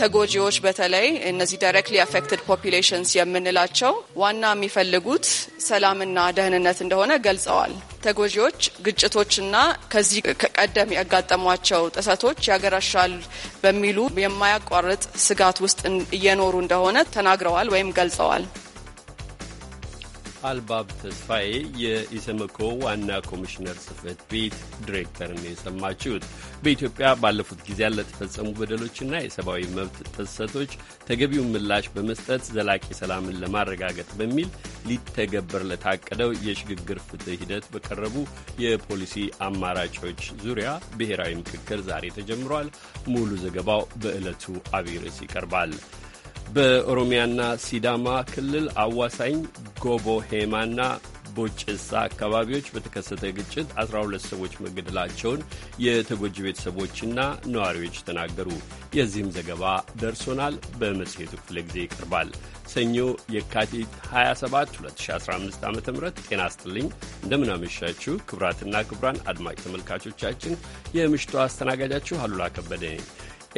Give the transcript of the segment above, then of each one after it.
ተጎጂዎች በተለይ እነዚህ ዳይሬክትሊ አፌክትድ ፖፒሌሽንስ የምንላቸው ዋና የሚፈልጉት ሰላምና ደህንነት እንደሆነ ገልጸዋል። ተጎጂዎች ግጭቶችና ከዚህ ቀደም ያጋጠሟቸው ጥሰቶች ያገረሻል በሚሉ የማያቋርጥ ስጋት ውስጥ እየኖሩ እንደሆነ ተናግረዋል ወይም ገልጸዋል። አልባብ ተስፋዬ የኢሰመኮ ዋና ኮሚሽነር ጽህፈት ቤት ዲሬክተርን የሰማችሁት በኢትዮጵያ ባለፉት ጊዜያት ለተፈጸሙ በደሎችና የሰብአዊ መብት ጥሰቶች ተገቢውን ምላሽ በመስጠት ዘላቂ ሰላምን ለማረጋገጥ በሚል ሊተገበር ለታቀደው የሽግግር ፍትህ ሂደት በቀረቡ የፖሊሲ አማራጮች ዙሪያ ብሔራዊ ምክክር ዛሬ ተጀምሯል። ሙሉ ዘገባው በዕለቱ አብይ ርዕስ ይቀርባል። በኦሮሚያና ሲዳማ ክልል አዋሳኝ ጎቦ ሄማና ቦጭሳ አካባቢዎች በተከሰተ ግጭት 12 ሰዎች መገደላቸውን የተጎጂ ቤተሰቦችና ነዋሪዎች ተናገሩ። የዚህም ዘገባ ደርሶናል፣ በመጽሔቱ ክፍለ ጊዜ ይቀርባል። ሰኞ የካቲት 27 2015 ዓ ም ጤና አስጥልኝ እንደምናመሻችሁ ክቡራትና ክቡራን አድማጭ ተመልካቾቻችን፣ የምሽቱ አስተናጋጃችሁ አሉላ ከበደ ነኝ።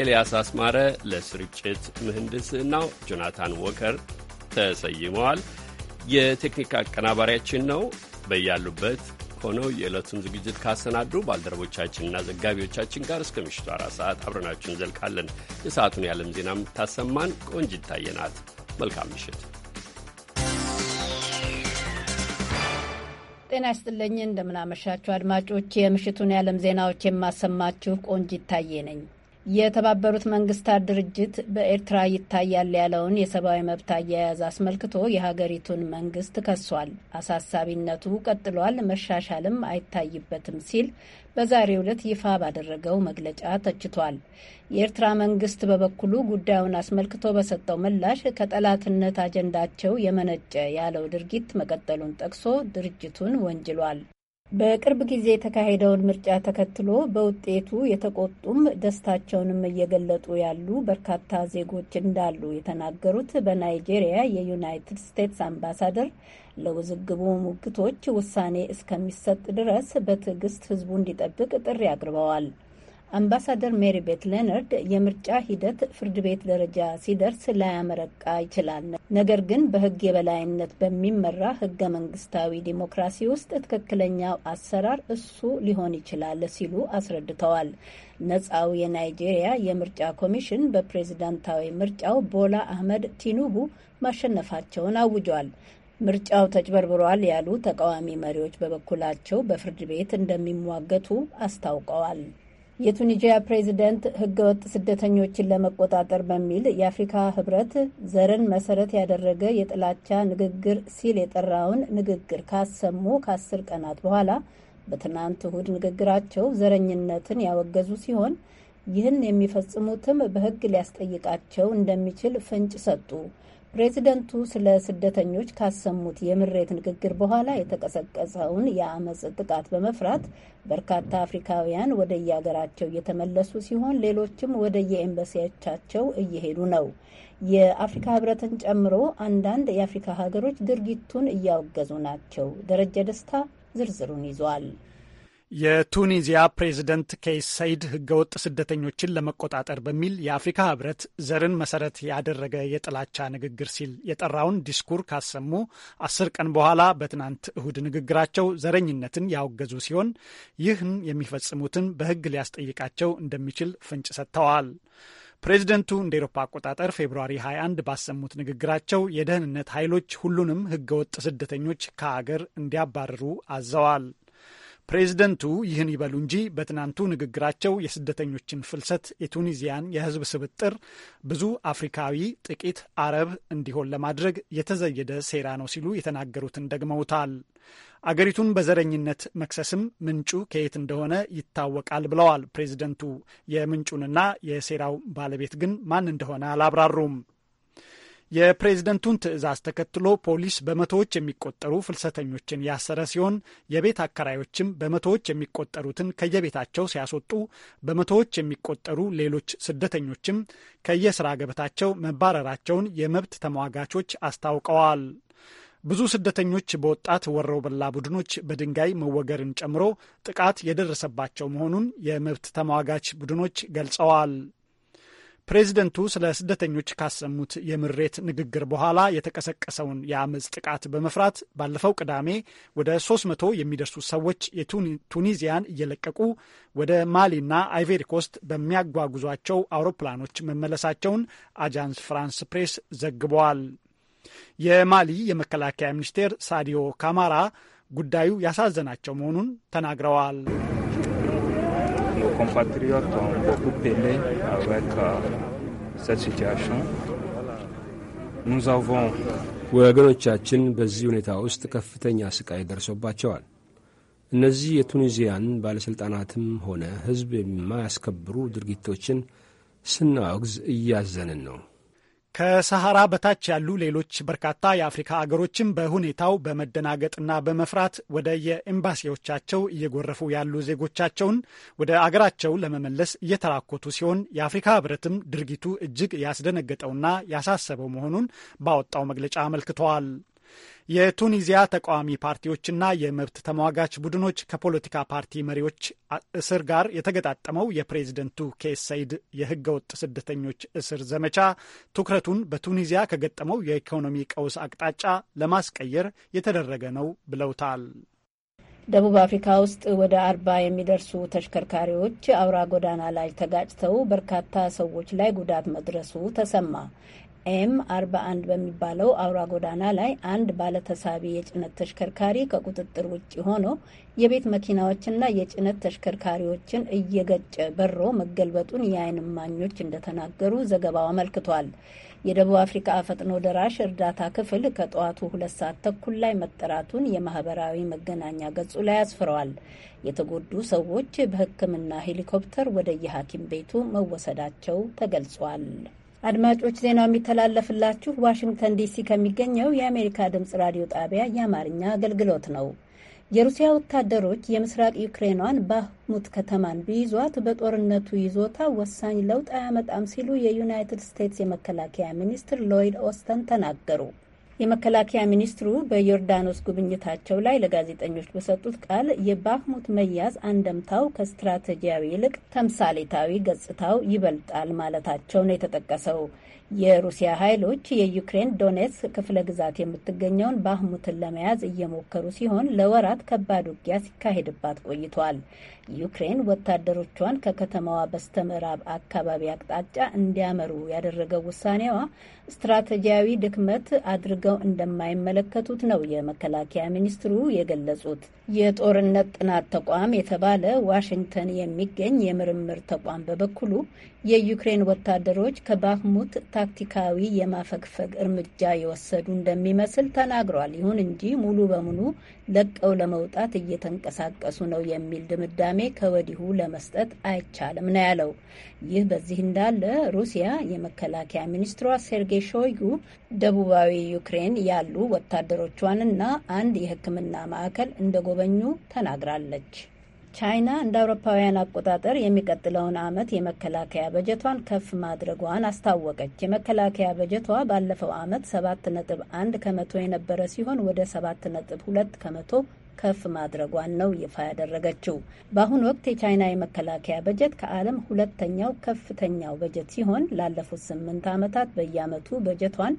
ኤልያስ አስማረ ለስርጭት ምህንድስናው፣ ጆናታን ወከር ተሰይመዋል። የቴክኒክ አቀናባሪያችን ነው። በያሉበት ሆነው የዕለቱን ዝግጅት ካሰናዱ ባልደረቦቻችንና ዘጋቢዎቻችን ጋር እስከ ምሽቱ አራት ሰዓት አብረናችሁ እንዘልቃለን። የሰዓቱን የዓለም ዜና የምታሰማን ቆንጅ ይታየናት። መልካም ምሽት። ጤና ይስጥልኝ። እንደምናመሻችሁ አድማጮች፣ የምሽቱን የዓለም ዜናዎች የማሰማችሁ ቆንጅ ይታየ ነኝ። የተባበሩት መንግስታት ድርጅት በኤርትራ ይታያል ያለውን የሰብአዊ መብት አያያዝ አስመልክቶ የሀገሪቱን መንግስት ከሷል። አሳሳቢነቱ ቀጥሏል፣ መሻሻልም አይታይበትም ሲል በዛሬው ዕለት ይፋ ባደረገው መግለጫ ተችቷል። የኤርትራ መንግስት በበኩሉ ጉዳዩን አስመልክቶ በሰጠው ምላሽ ከጠላትነት አጀንዳቸው የመነጨ ያለው ድርጊት መቀጠሉን ጠቅሶ ድርጅቱን ወንጅሏል። በቅርብ ጊዜ የተካሄደውን ምርጫ ተከትሎ በውጤቱ የተቆጡም ደስታቸውንም እየገለጡ ያሉ በርካታ ዜጎች እንዳሉ የተናገሩት በናይጄሪያ የዩናይትድ ስቴትስ አምባሳደር ለውዝግቡ ሙግቶች ውሳኔ እስከሚሰጥ ድረስ በትዕግስት ሕዝቡ እንዲጠብቅ ጥሪ አቅርበዋል። አምባሳደር ሜሪ ቤት ሌነርድ የምርጫ ሂደት ፍርድ ቤት ደረጃ ሲደርስ ላያመረቃ ይችላል፣ ነገር ግን በሕግ የበላይነት በሚመራ ሕገ መንግስታዊ ዲሞክራሲ ውስጥ ትክክለኛው አሰራር እሱ ሊሆን ይችላል ሲሉ አስረድተዋል። ነፃው የናይጄሪያ የምርጫ ኮሚሽን በፕሬዝዳንታዊ ምርጫው ቦላ አህመድ ቲኑቡ ማሸነፋቸውን አውጇል። ምርጫው ተጭበርብሯል ያሉ ተቃዋሚ መሪዎች በበኩላቸው በፍርድ ቤት እንደሚሟገቱ አስታውቀዋል። የቱኒዚያ ፕሬዚደንት ህገወጥ ስደተኞችን ለመቆጣጠር በሚል የአፍሪካ ህብረት ዘርን መሰረት ያደረገ የጥላቻ ንግግር ሲል የጠራውን ንግግር ካሰሙ ከአስር ቀናት በኋላ በትናንት እሁድ ንግግራቸው ዘረኝነትን ያወገዙ ሲሆን ይህን የሚፈጽሙትም በህግ ሊያስጠይቃቸው እንደሚችል ፍንጭ ሰጡ። ፕሬዚደንቱ ስለ ስደተኞች ካሰሙት የምሬት ንግግር በኋላ የተቀሰቀሰውን የአመፅ ጥቃት በመፍራት በርካታ አፍሪካውያን ወደ የአገራቸው እየተመለሱ ሲሆን ሌሎችም ወደ የኤምባሲዎቻቸው እየሄዱ ነው። የአፍሪካ ህብረትን ጨምሮ አንዳንድ የአፍሪካ ሀገሮች ድርጊቱን እያወገዙ ናቸው። ደረጀ ደስታ ዝርዝሩን ይዟል። የቱኒዚያ ፕሬዝደንት ኬስ ሰይድ ህገወጥ ስደተኞችን ለመቆጣጠር በሚል የአፍሪካ ህብረት ዘርን መሰረት ያደረገ የጥላቻ ንግግር ሲል የጠራውን ዲስኩር ካሰሙ አስር ቀን በኋላ በትናንት እሁድ ንግግራቸው ዘረኝነትን ያወገዙ ሲሆን ይህን የሚፈጽሙትን በህግ ሊያስጠይቃቸው እንደሚችል ፍንጭ ሰጥተዋል። ፕሬዚደንቱ እንደ ኤሮፓ አቆጣጠር ፌብርዋሪ 21 ባሰሙት ንግግራቸው የደህንነት ኃይሎች ሁሉንም ህገወጥ ስደተኞች ከአገር እንዲያባርሩ አዘዋል። ፕሬዝደንቱ ይህን ይበሉ እንጂ በትናንቱ ንግግራቸው የስደተኞችን ፍልሰት፣ የቱኒዚያን የህዝብ ስብጥር፣ ብዙ አፍሪካዊ ጥቂት አረብ እንዲሆን ለማድረግ የተዘየደ ሴራ ነው ሲሉ የተናገሩትን ደግመውታል። አገሪቱን በዘረኝነት መክሰስም ምንጩ ከየት እንደሆነ ይታወቃል ብለዋል ፕሬዚደንቱ የምንጩንና የሴራው ባለቤት ግን ማን እንደሆነ አላብራሩም። የፕሬዝደንቱን ትዕዛዝ ተከትሎ ፖሊስ በመቶዎች የሚቆጠሩ ፍልሰተኞችን ያሰረ ሲሆን የቤት አከራዮችም በመቶዎች የሚቆጠሩትን ከየቤታቸው ሲያስወጡ በመቶዎች የሚቆጠሩ ሌሎች ስደተኞችም ከየስራ ገበታቸው መባረራቸውን የመብት ተሟጋቾች አስታውቀዋል። ብዙ ስደተኞች በወጣት ወረው በላ ቡድኖች በድንጋይ መወገርን ጨምሮ ጥቃት የደረሰባቸው መሆኑን የመብት ተሟጋች ቡድኖች ገልጸዋል። ፕሬዚደንቱ ስለ ስደተኞች ካሰሙት የምሬት ንግግር በኋላ የተቀሰቀሰውን የአመፅ ጥቃት በመፍራት ባለፈው ቅዳሜ ወደ 300 የሚደርሱ ሰዎች የቱኒዚያን እየለቀቁ ወደ ማሊና አይቬሪኮስት በሚያጓጉዟቸው አውሮፕላኖች መመለሳቸውን አጃንስ ፍራንስ ፕሬስ ዘግበዋል። የማሊ የመከላከያ ሚኒስቴር ሳዲዮ ካማራ ጉዳዩ ያሳዘናቸው መሆኑን ተናግረዋል። compatriotes ont beaucoup peiné avec euh, cette situation. Nous avons ወገኖቻችን በዚህ ሁኔታ ውስጥ ከፍተኛ ስቃይ ደርሶባቸዋል። እነዚህ የቱኒዚያን ባለሥልጣናትም ሆነ ሕዝብ የማያስከብሩ ድርጊቶችን ስናወግዝ እያዘንን ነው። ከሰሐራ በታች ያሉ ሌሎች በርካታ የአፍሪካ አገሮችም በሁኔታው በመደናገጥና በመፍራት ወደ የኤምባሲዎቻቸው እየጎረፉ ያሉ ዜጎቻቸውን ወደ አገራቸው ለመመለስ እየተራኮቱ ሲሆን የአፍሪካ ሕብረትም ድርጊቱ እጅግ ያስደነገጠውና ያሳሰበው መሆኑን ባወጣው መግለጫ አመልክተዋል። የቱኒዚያ ተቃዋሚ ፓርቲዎችና የመብት ተሟጋች ቡድኖች ከፖለቲካ ፓርቲ መሪዎች እስር ጋር የተገጣጠመው የፕሬዝደንቱ ኬስ ሰይድ የህገወጥ ስደተኞች እስር ዘመቻ ትኩረቱን በቱኒዚያ ከገጠመው የኢኮኖሚ ቀውስ አቅጣጫ ለማስቀየር የተደረገ ነው ብለውታል። ደቡብ አፍሪካ ውስጥ ወደ አርባ የሚደርሱ ተሽከርካሪዎች አውራ ጎዳና ላይ ተጋጭተው በርካታ ሰዎች ላይ ጉዳት መድረሱ ተሰማ። ኤም 41 በሚባለው አውራ ጎዳና ላይ አንድ ባለተሳቢ የጭነት ተሽከርካሪ ከቁጥጥር ውጭ ሆኖ የቤት መኪናዎችና የጭነት ተሽከርካሪዎችን እየገጨ በሮ መገልበጡን የዓይን እማኞች እንደተናገሩ ዘገባው አመልክቷል። የደቡብ አፍሪካ ፈጥኖ ደራሽ እርዳታ ክፍል ከጠዋቱ ሁለት ሰዓት ተኩል ላይ መጠራቱን የማህበራዊ መገናኛ ገጹ ላይ አስፍረዋል። የተጎዱ ሰዎች በሕክምና ሄሊኮፕተር ወደ የሐኪም ቤቱ መወሰዳቸው ተገልጿል። አድማጮች ዜናው የሚተላለፍላችሁ ዋሽንግተን ዲሲ ከሚገኘው የአሜሪካ ድምፅ ራዲዮ ጣቢያ የአማርኛ አገልግሎት ነው። የሩሲያ ወታደሮች የምስራቅ ዩክሬኗን ባህሙት ከተማን ቢይዟት በጦርነቱ ይዞታ ወሳኝ ለውጥ አያመጣም ሲሉ የዩናይትድ ስቴትስ የመከላከያ ሚኒስትር ሎይድ ኦስተን ተናገሩ። የመከላከያ ሚኒስትሩ በዮርዳኖስ ጉብኝታቸው ላይ ለጋዜጠኞች በሰጡት ቃል የባህሙት መያዝ አንደምታው ከስትራቴጂያዊ ይልቅ ተምሳሌታዊ ገጽታው ይበልጣል ማለታቸው ነው የተጠቀሰው። የሩሲያ ኃይሎች የዩክሬን ዶኔትስክ ክፍለ ግዛት የምትገኘውን ባህሙትን ለመያዝ እየሞከሩ ሲሆን ለወራት ከባድ ውጊያ ሲካሄድባት ቆይቷል። ዩክሬን ወታደሮቿን ከከተማዋ በስተምዕራብ አካባቢ አቅጣጫ እንዲያመሩ ያደረገው ውሳኔዋ ስትራቴጂያዊ ድክመት አድርገው እንደማይመለከቱት ነው የመከላከያ ሚኒስትሩ የገለጹት። የጦርነት ጥናት ተቋም የተባለ ዋሽንግተን የሚገኝ የምርምር ተቋም በበኩሉ የዩክሬን ወታደሮች ከባህሙት ታክቲካዊ የማፈግፈግ እርምጃ የወሰዱ እንደሚመስል ተናግሯል። ይሁን እንጂ ሙሉ በሙሉ ለቀው ለመውጣት እየተንቀሳቀሱ ነው የሚል ድምዳሜ ከወዲሁ ለመስጠት አይቻልም ነው ያለው። ይህ በዚህ እንዳለ ሩሲያ የመከላከያ ሚኒስትሯ ሴርጌይ ሾይጉ ደቡባዊ ዩክሬን ያሉ ወታደሮቿንና አንድ የሕክምና ማዕከል እንደጎበኙ ተናግራለች። ቻይና እንደ አውሮፓውያን አቆጣጠር የሚቀጥለውን ዓመት የመከላከያ በጀቷን ከፍ ማድረጓን አስታወቀች። የመከላከያ በጀቷ ባለፈው ዓመት ሰባት ነጥብ አንድ ከመቶ የነበረ ሲሆን ወደ ሰባት ነጥብ ሁለት ከመቶ ከፍ ማድረጓን ነው ይፋ ያደረገችው። በአሁኑ ወቅት የቻይና የመከላከያ በጀት ከዓለም ሁለተኛው ከፍተኛው በጀት ሲሆን ላለፉት ስምንት ዓመታት በየዓመቱ በጀቷን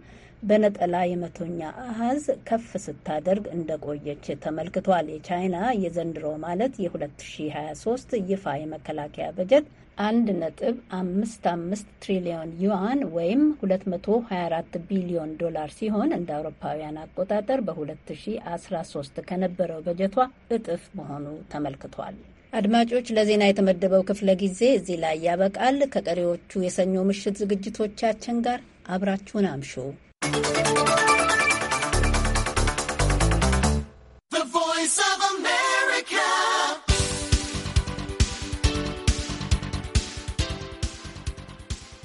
በነጠላ የመቶኛ አሃዝ ከፍ ስታደርግ እንደቆየች ተመልክቷል። የቻይና የዘንድሮ ማለት የ2023 ይፋ የመከላከያ በጀት አንድ ነጥብ አምስት አምስት ትሪሊዮን ዩዋን ወይም 224 ቢሊዮን ዶላር ሲሆን እንደ አውሮፓውያን አቆጣጠር በ2013 ከነበረው በጀቷ እጥፍ መሆኑ ተመልክቷል። አድማጮች፣ ለዜና የተመደበው ክፍለ ጊዜ እዚህ ላይ ያበቃል። ከቀሪዎቹ የሰኞ ምሽት ዝግጅቶቻችን ጋር አብራችሁን አምሹ።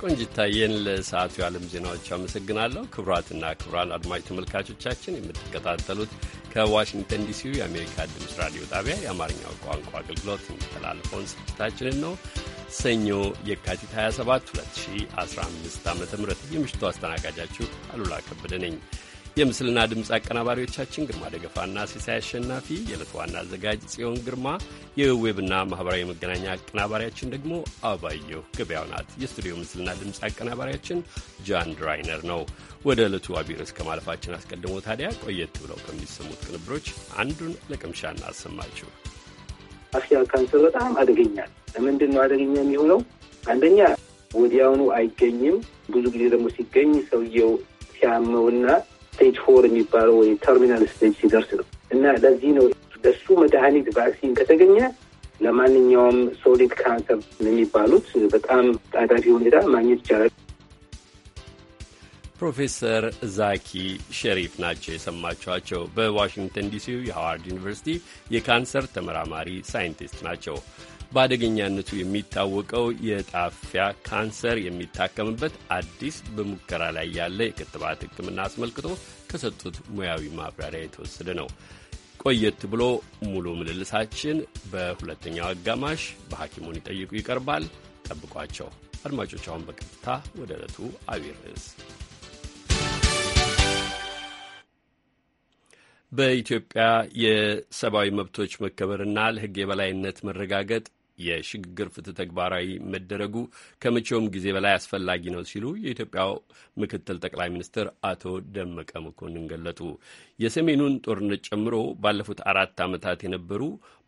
ቆንጅታዬን ለሰዓቱ የዓለም ዜናዎች አመሰግናለሁ። ክቡራትና ክቡራን አድማጭ ተመልካቾቻችን የምትከታተሉት ከዋሽንግተን ዲሲው የአሜሪካ ድምፅ ራዲዮ ጣቢያ የአማርኛው ቋንቋ አገልግሎት የሚተላለፈውን ስርጭታችንን ነው። ሰኞ የካቲት 27 2015 ዓ ም የምሽቱ አስተናጋጃችሁ አሉላ ከበደ ነኝ። የምስልና ድምፅ አቀናባሪዎቻችን ግርማ ደገፋና ሲሳይ አሸናፊ፣ የዕለት ዋና አዘጋጅ ጽዮን ግርማ፣ የዌብና ማኅበራዊ መገናኛ አቀናባሪያችን ደግሞ አበባየሁ ገበያው ናት። የስቱዲዮ ምስልና ድምፅ አቀናባሪያችን ጃን ድራይነር ነው። ወደ ዕለቱ አቢር እስከ ማለፋችን አስቀድሞ ታዲያ ቆየት ብለው ከሚሰሙት ቅንብሮች አንዱን ለቅምሻ እናሰማችሁ። አፍያ ካንሰር በጣም አደገኛል። ለምንድን ነው አደገኛ የሚሆነው? አንደኛ ወዲያውኑ አይገኝም። ብዙ ጊዜ ደግሞ ሲገኝ ሰውየው ሲያመውና ስቴጅ ፎር የሚባለው ወይ ተርሚናል ስቴጅ ሲደርስ ነው እና ለዚህ ነው ለሱ መድኃኒት ቫክሲን ከተገኘ ለማንኛውም ሶሊድ ካንሰር የሚባሉት በጣም ጣዳፊ ሁኔታ ማግኘት ይቻላል። ፕሮፌሰር ዛኪ ሸሪፍ ናቸው የሰማችኋቸው። በዋሽንግተን ዲሲው የሃዋርድ ዩኒቨርሲቲ የካንሰር ተመራማሪ ሳይንቲስት ናቸው። በአደገኛነቱ የሚታወቀው የጣፊያ ካንሰር የሚታከምበት አዲስ በሙከራ ላይ ያለ የክትባት ሕክምና አስመልክቶ ከሰጡት ሙያዊ ማብራሪያ የተወሰደ ነው። ቆየት ብሎ ሙሉ ምልልሳችን በሁለተኛው አጋማሽ በሐኪሙን ይጠይቁ ይቀርባል። ጠብቋቸው አድማጮች። አሁን በቀጥታ ወደ ዕለቱ አቢይ ርዕስ በኢትዮጵያ የሰብአዊ መብቶች መከበርና ለሕግ የበላይነት መረጋገጥ የሽግግር ፍትህ ተግባራዊ መደረጉ ከመቼውም ጊዜ በላይ አስፈላጊ ነው ሲሉ የኢትዮጵያው ምክትል ጠቅላይ ሚኒስትር አቶ ደመቀ መኮንን ገለጡ። የሰሜኑን ጦርነት ጨምሮ ባለፉት አራት ዓመታት የነበሩ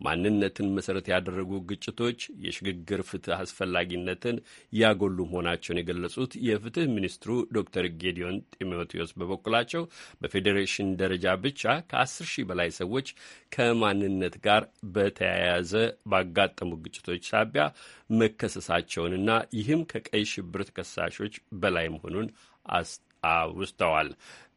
ማንነትን መሰረት ያደረጉ ግጭቶች የሽግግር ፍትህ አስፈላጊነትን ያጎሉ መሆናቸውን የገለጹት የፍትህ ሚኒስትሩ ዶክተር ጌዲዮን ጢሞቴዎስ በበኩላቸው በፌዴሬሽን ደረጃ ብቻ ከአስር ሺህ በላይ ሰዎች ከማንነት ጋር በተያያዘ ባጋጠሙ ግጭቶች ሳቢያ መከሰሳቸውንና ይህም ከቀይ ሽብር ተከሳሾች በላይ መሆኑን አስ አውስተዋል።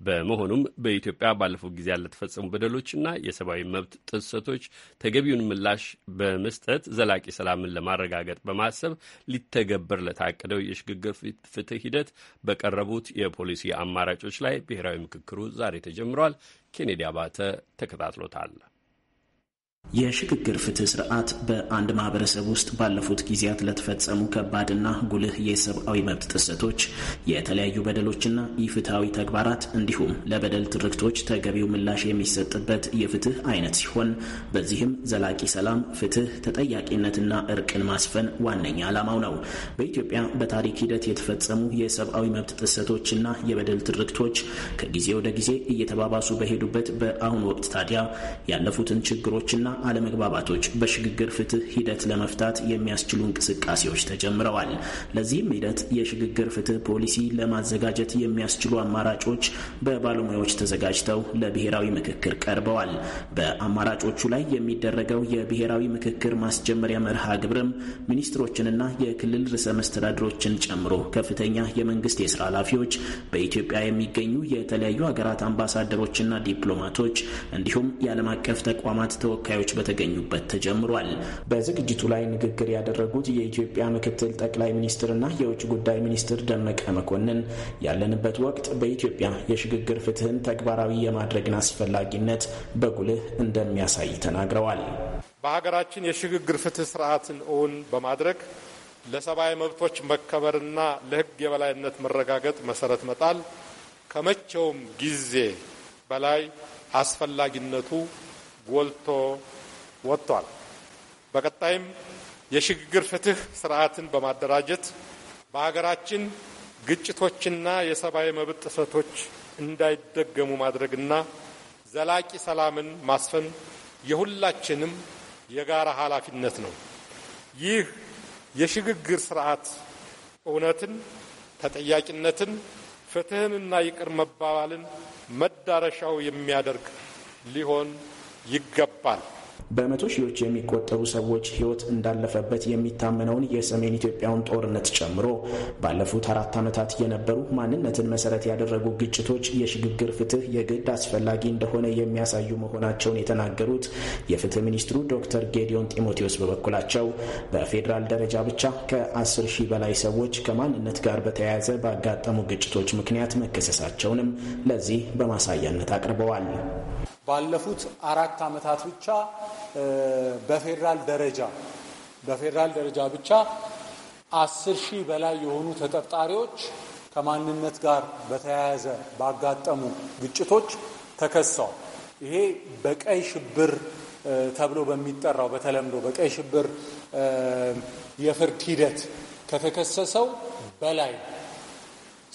በመሆኑም በኢትዮጵያ ባለፈው ጊዜያት ለተፈጸሙ በደሎችና የሰብአዊ መብት ጥሰቶች ተገቢውን ምላሽ በመስጠት ዘላቂ ሰላምን ለማረጋገጥ በማሰብ ሊተገበር ለታቀደው የሽግግር ፍትህ ሂደት በቀረቡት የፖሊሲ አማራጮች ላይ ብሔራዊ ምክክሩ ዛሬ ተጀምሯል። ኬኔዲ አባተ ተከታትሎታል። የሽግግር ፍትህ ስርዓት በአንድ ማህበረሰብ ውስጥ ባለፉት ጊዜያት ለተፈጸሙ ከባድና ጉልህ የሰብአዊ መብት ጥሰቶች፣ የተለያዩ በደሎችና ኢፍትሐዊ ተግባራት እንዲሁም ለበደል ትርክቶች ተገቢው ምላሽ የሚሰጥበት የፍትህ አይነት ሲሆን በዚህም ዘላቂ ሰላም፣ ፍትህ፣ ተጠያቂነትና እርቅን ማስፈን ዋነኛ ዓላማው ነው። በኢትዮጵያ በታሪክ ሂደት የተፈጸሙ የሰብአዊ መብት ጥሰቶችና የበደል ትርክቶች ከጊዜ ወደ ጊዜ እየተባባሱ በሄዱበት በአሁኑ ወቅት ታዲያ ያለፉትን ችግሮችና አለመግባባቶች በሽግግር ፍትህ ሂደት ለመፍታት የሚያስችሉ እንቅስቃሴዎች ተጀምረዋል። ለዚህም ሂደት የሽግግር ፍትህ ፖሊሲ ለማዘጋጀት የሚያስችሉ አማራጮች በባለሙያዎች ተዘጋጅተው ለብሔራዊ ምክክር ቀርበዋል። በአማራጮቹ ላይ የሚደረገው የብሔራዊ ምክክር ማስጀመሪያ መርሃ ግብርም ሚኒስትሮችንና የክልል ርዕሰ መስተዳድሮችን ጨምሮ ከፍተኛ የመንግስት የስራ ኃላፊዎች፣ በኢትዮጵያ የሚገኙ የተለያዩ ሀገራት አምባሳደሮችና ዲፕሎማቶች እንዲሁም የዓለም አቀፍ ተቋማት ተወካዮች ተወካዮች በተገኙበት ተጀምሯል። በዝግጅቱ ላይ ንግግር ያደረጉት የኢትዮጵያ ምክትል ጠቅላይ ሚኒስትርና የውጭ ጉዳይ ሚኒስትር ደመቀ መኮንን ያለንበት ወቅት በኢትዮጵያ የሽግግር ፍትህን ተግባራዊ የማድረግን አስፈላጊነት በጉልህ እንደሚያሳይ ተናግረዋል። በሀገራችን የሽግግር ፍትህ ስርዓትን እውን በማድረግ ለሰብአዊ መብቶች መከበርና ለህግ የበላይነት መረጋገጥ መሰረት መጣል ከመቼውም ጊዜ በላይ አስፈላጊነቱ ጎልቶ ወጥቷል። በቀጣይም የሽግግር ፍትህ ስርዓትን በማደራጀት በሀገራችን ግጭቶችና የሰብአዊ መብት ጥሰቶች እንዳይደገሙ ማድረግና ዘላቂ ሰላምን ማስፈን የሁላችንም የጋራ ኃላፊነት ነው። ይህ የሽግግር ስርዓት እውነትን፣ ተጠያቂነትን፣ ፍትህንና ይቅር መባባልን መዳረሻው የሚያደርግ ሊሆን ይገባል። በመቶ ሺዎች የሚቆጠሩ ሰዎች ሕይወት እንዳለፈበት የሚታመነውን የሰሜን ኢትዮጵያውን ጦርነት ጨምሮ ባለፉት አራት ዓመታት የነበሩ ማንነትን መሰረት ያደረጉ ግጭቶች የሽግግር ፍትህ የግድ አስፈላጊ እንደሆነ የሚያሳዩ መሆናቸውን የተናገሩት የፍትህ ሚኒስትሩ ዶክተር ጌዲዮን ጢሞቴዎስ በበኩላቸው በፌዴራል ደረጃ ብቻ ከ10 ሺህ በላይ ሰዎች ከማንነት ጋር በተያያዘ ባጋጠሙ ግጭቶች ምክንያት መከሰሳቸውንም ለዚህ በማሳያነት አቅርበዋል። ባለፉት አራት ዓመታት ብቻ በፌዴራል ደረጃ በፌዴራል ደረጃ ብቻ አስር ሺህ በላይ የሆኑ ተጠርጣሪዎች ከማንነት ጋር በተያያዘ ባጋጠሙ ግጭቶች ተከሰዋል። ይሄ በቀይ ሽብር ተብሎ በሚጠራው በተለምዶ በቀይ ሽብር የፍርድ ሂደት ከተከሰሰው በላይ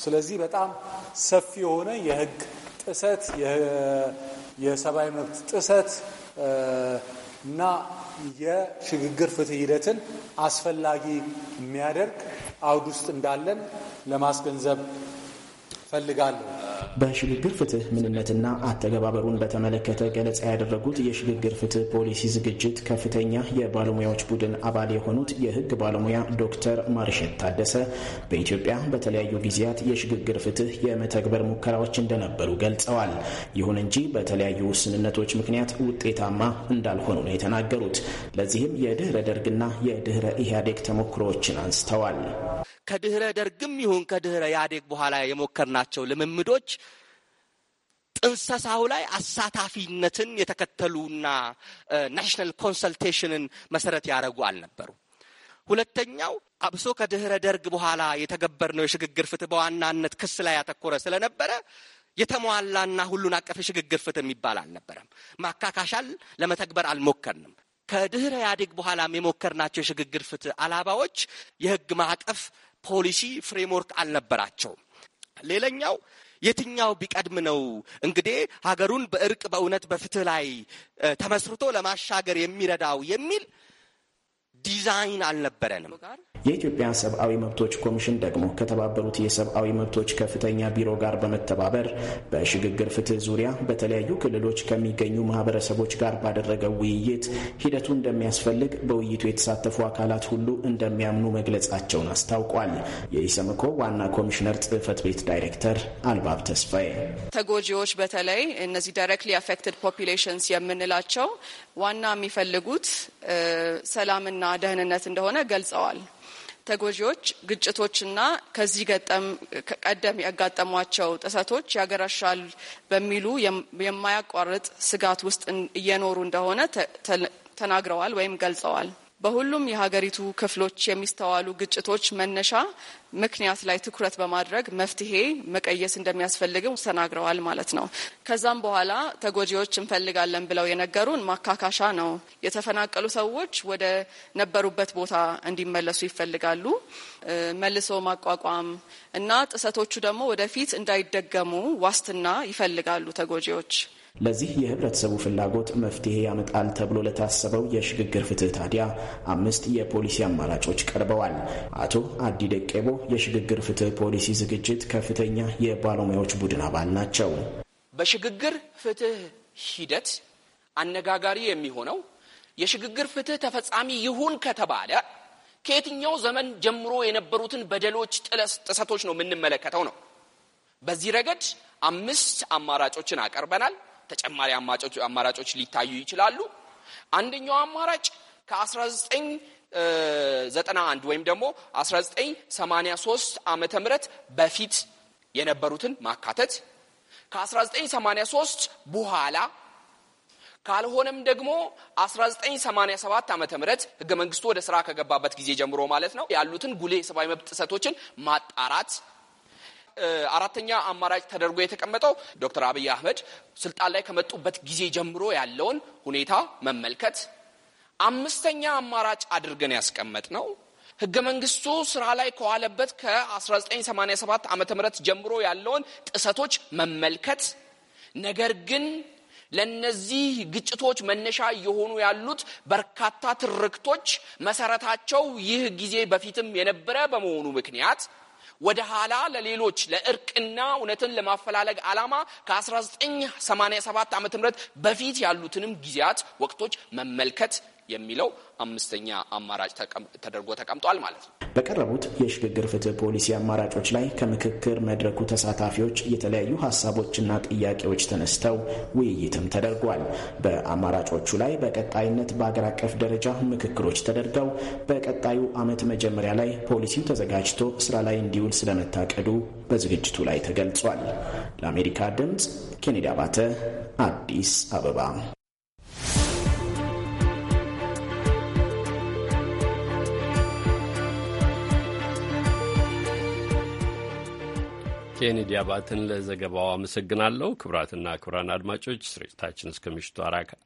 ስለዚህ በጣም ሰፊ የሆነ የሕግ ጥሰት የሰብአዊ መብት ጥሰት እና የሽግግር ፍትህ ሂደትን አስፈላጊ የሚያደርግ አውድ ውስጥ እንዳለን ለማስገንዘብ ፈልጋለሁ። በሽግግር ፍትህ ምንነትና አተገባበሩን በተመለከተ ገለጻ ያደረጉት የሽግግር ፍትህ ፖሊሲ ዝግጅት ከፍተኛ የባለሙያዎች ቡድን አባል የሆኑት የህግ ባለሙያ ዶክተር ማርሸት ታደሰ በኢትዮጵያ በተለያዩ ጊዜያት የሽግግር ፍትህ የመተግበር ሙከራዎች እንደነበሩ ገልጸዋል። ይሁን እንጂ በተለያዩ ውስንነቶች ምክንያት ውጤታማ እንዳልሆኑ ነው የተናገሩት። ለዚህም የድህረ ደርግና የድህረ ኢህአዴግ ተሞክሮዎችን አንስተዋል። ከድህረ ደርግም ይሁን ከድህረ ኢህአዴግ በኋላ የሞከርናቸው ልምምዶች ጥንሰሳው ላይ አሳታፊነትን የተከተሉና ናሽናል ኮንሰልቴሽንን መሰረት ያደረጉ አልነበሩ። ሁለተኛው አብሶ ከድህረ ደርግ በኋላ የተገበርነው የሽግግር ፍትህ በዋናነት ክስ ላይ ያተኮረ ስለነበረ የተሟላና ሁሉን አቀፍ የሽግግር ፍትህ የሚባል አልነበረም። ማካካሻል ለመተግበር አልሞከርንም። ከድህረ ኢህአዴግ በኋላም የሞከርናቸው የሽግግር ፍትህ አላባዎች የህግ ማዕቀፍ ፖሊሲ ፍሬምወርክ አልነበራቸውም። ሌላኛው የትኛው ቢቀድም ነው እንግዲህ ሀገሩን በእርቅ በእውነት በፍትህ ላይ ተመስርቶ ለማሻገር የሚረዳው የሚል ዲዛይን አልነበረንም። የኢትዮጵያ ሰብአዊ መብቶች ኮሚሽን ደግሞ ከተባበሩት የሰብአዊ መብቶች ከፍተኛ ቢሮ ጋር በመተባበር በሽግግር ፍትህ ዙሪያ በተለያዩ ክልሎች ከሚገኙ ማህበረሰቦች ጋር ባደረገው ውይይት ሂደቱ እንደሚያስፈልግ በውይይቱ የተሳተፉ አካላት ሁሉ እንደሚያምኑ መግለጻቸውን አስታውቋል። የኢሰመኮ ዋና ኮሚሽነር ጽህፈት ቤት ዳይሬክተር አልባብ ተስፋዬ ተጎጂዎች በተለይ እነዚህ ዳይሬክትሊ አፌክትድ ፖፒሌሽንስ የምንላቸው ዋና የሚፈልጉት ሰላምና ደህንነት እንደሆነ ገልጸዋል። ተጎጂዎች ግጭቶችና ከዚህ ቀደም ያጋጠሟቸው ጥሰቶች ያገረሻል በሚሉ የማያቋርጥ ስጋት ውስጥ እየኖሩ እንደሆነ ተናግረዋል ወይም ገልጸዋል። በሁሉም የሀገሪቱ ክፍሎች የሚስተዋሉ ግጭቶች መነሻ ምክንያት ላይ ትኩረት በማድረግ መፍትሄ መቀየስ እንደሚያስፈልግም ተናግረዋል ማለት ነው። ከዛም በኋላ ተጎጂዎች እንፈልጋለን ብለው የነገሩን ማካካሻ ነው። የተፈናቀሉ ሰዎች ወደ ነበሩበት ቦታ እንዲመለሱ ይፈልጋሉ። መልሶ ማቋቋም እና ጥሰቶቹ ደግሞ ወደፊት እንዳይደገሙ ዋስትና ይፈልጋሉ ተጎጂዎች። ለዚህ የህብረተሰቡ ፍላጎት መፍትሄ ያመጣል ተብሎ ለታሰበው የሽግግር ፍትህ ታዲያ አምስት የፖሊሲ አማራጮች ቀርበዋል። አቶ አዲ ደቄቦ የሽግግር ፍትህ ፖሊሲ ዝግጅት ከፍተኛ የባለሙያዎች ቡድን አባል ናቸው። በሽግግር ፍትህ ሂደት አነጋጋሪ የሚሆነው የሽግግር ፍትህ ተፈጻሚ ይሁን ከተባለ ከየትኛው ዘመን ጀምሮ የነበሩትን በደሎች፣ ጥሰቶች ነው የምንመለከተው ነው። በዚህ ረገድ አምስት አማራጮችን አቀርበናል። ተጨማሪ አማራጮች ሊታዩ ይችላሉ። አንደኛው አማራጭ ከ1991 ወይም ደግሞ 1983 ዓ ምት በፊት የነበሩትን ማካተት ከ1983 በኋላ ካልሆነም ደግሞ 1987 ዓ ምህረት ህገ መንግስቱ ወደ ስራ ከገባበት ጊዜ ጀምሮ ማለት ነው ያሉትን ጉሌ የሰብአዊ መብት ጥሰቶችን ማጣራት አራተኛ አማራጭ ተደርጎ የተቀመጠው ዶክተር አብይ አህመድ ስልጣን ላይ ከመጡበት ጊዜ ጀምሮ ያለውን ሁኔታ መመልከት፣ አምስተኛ አማራጭ አድርገን ያስቀመጥ ነው ህገ መንግስቱ ስራ ላይ ከዋለበት ከ1987 ዓ ም ጀምሮ ያለውን ጥሰቶች መመልከት ነገር ግን ለነዚህ ግጭቶች መነሻ እየሆኑ ያሉት በርካታ ትርክቶች መሰረታቸው ይህ ጊዜ በፊትም የነበረ በመሆኑ ምክንያት ወደ ኋላ ለሌሎች ለእርቅና እውነትን ለማፈላለግ ዓላማ ከ1987 ዓ ም በፊት ያሉትንም ጊዜያት ወቅቶች መመልከት የሚለው አምስተኛ አማራጭ ተደርጎ ተቀምጧል ማለት ነው። በቀረቡት የሽግግር ፍትህ ፖሊሲ አማራጮች ላይ ከምክክር መድረኩ ተሳታፊዎች የተለያዩ ሀሳቦችና ጥያቄዎች ተነስተው ውይይትም ተደርጓል። በአማራጮቹ ላይ በቀጣይነት በአገር አቀፍ ደረጃ ምክክሮች ተደርገው በቀጣዩ ዓመት መጀመሪያ ላይ ፖሊሲው ተዘጋጅቶ ስራ ላይ እንዲውል ስለመታቀዱ በዝግጅቱ ላይ ተገልጿል። ለአሜሪካ ድምፅ ኬኔዲ አባተ አዲስ አበባ ኬኔዲ አባትን ለዘገባው አመሰግናለሁ። ክቡራትና ክቡራን አድማጮች ስርጭታችን እስከ ምሽቱ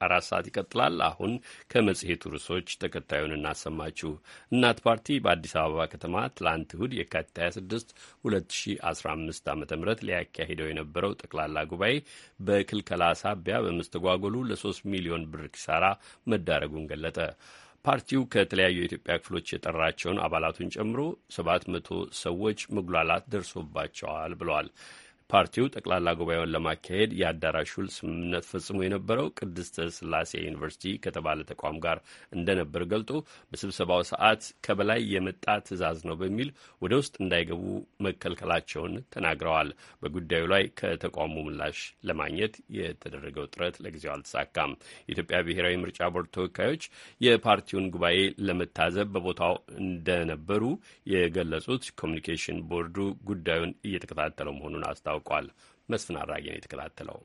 አራት ሰዓት ይቀጥላል። አሁን ከመጽሔቱ ርዕሶች ተከታዩን እናሰማችሁ። እናት ፓርቲ በአዲስ አበባ ከተማ ትላንት እሁድ የካቲት 26 2015 ዓ ም ሊያካሂደው የነበረው ጠቅላላ ጉባኤ በክልከላ ሳቢያ በመስተጓጎሉ ለ3 ሚሊዮን ብር ኪሳራ መዳረጉን ገለጠ። ፓርቲው ከተለያዩ የኢትዮጵያ ክፍሎች የጠራቸውን አባላቱን ጨምሮ ሰባት መቶ ሰዎች መጉላላት ደርሶባቸዋል ብለዋል። ፓርቲው ጠቅላላ ጉባኤውን ለማካሄድ የአዳራሹ ስምምነት ፈጽሞ የነበረው ቅድስተ ስላሴ ዩኒቨርሲቲ ከተባለ ተቋም ጋር እንደነበር ገልጦ በስብሰባው ሰዓት ከበላይ የመጣ ትዕዛዝ ነው በሚል ወደ ውስጥ እንዳይገቡ መከልከላቸውን ተናግረዋል። በጉዳዩ ላይ ከተቋሙ ምላሽ ለማግኘት የተደረገው ጥረት ለጊዜው አልተሳካም። የኢትዮጵያ ብሔራዊ ምርጫ ቦርድ ተወካዮች የፓርቲውን ጉባኤ ለመታዘብ በቦታው እንደነበሩ የገለጹት ኮሚኒኬሽን ቦርዱ ጉዳዩን እየተከታተለው መሆኑን አስታውቋል። አስታውቋል። መስፍን አራጌን የተከታተለው።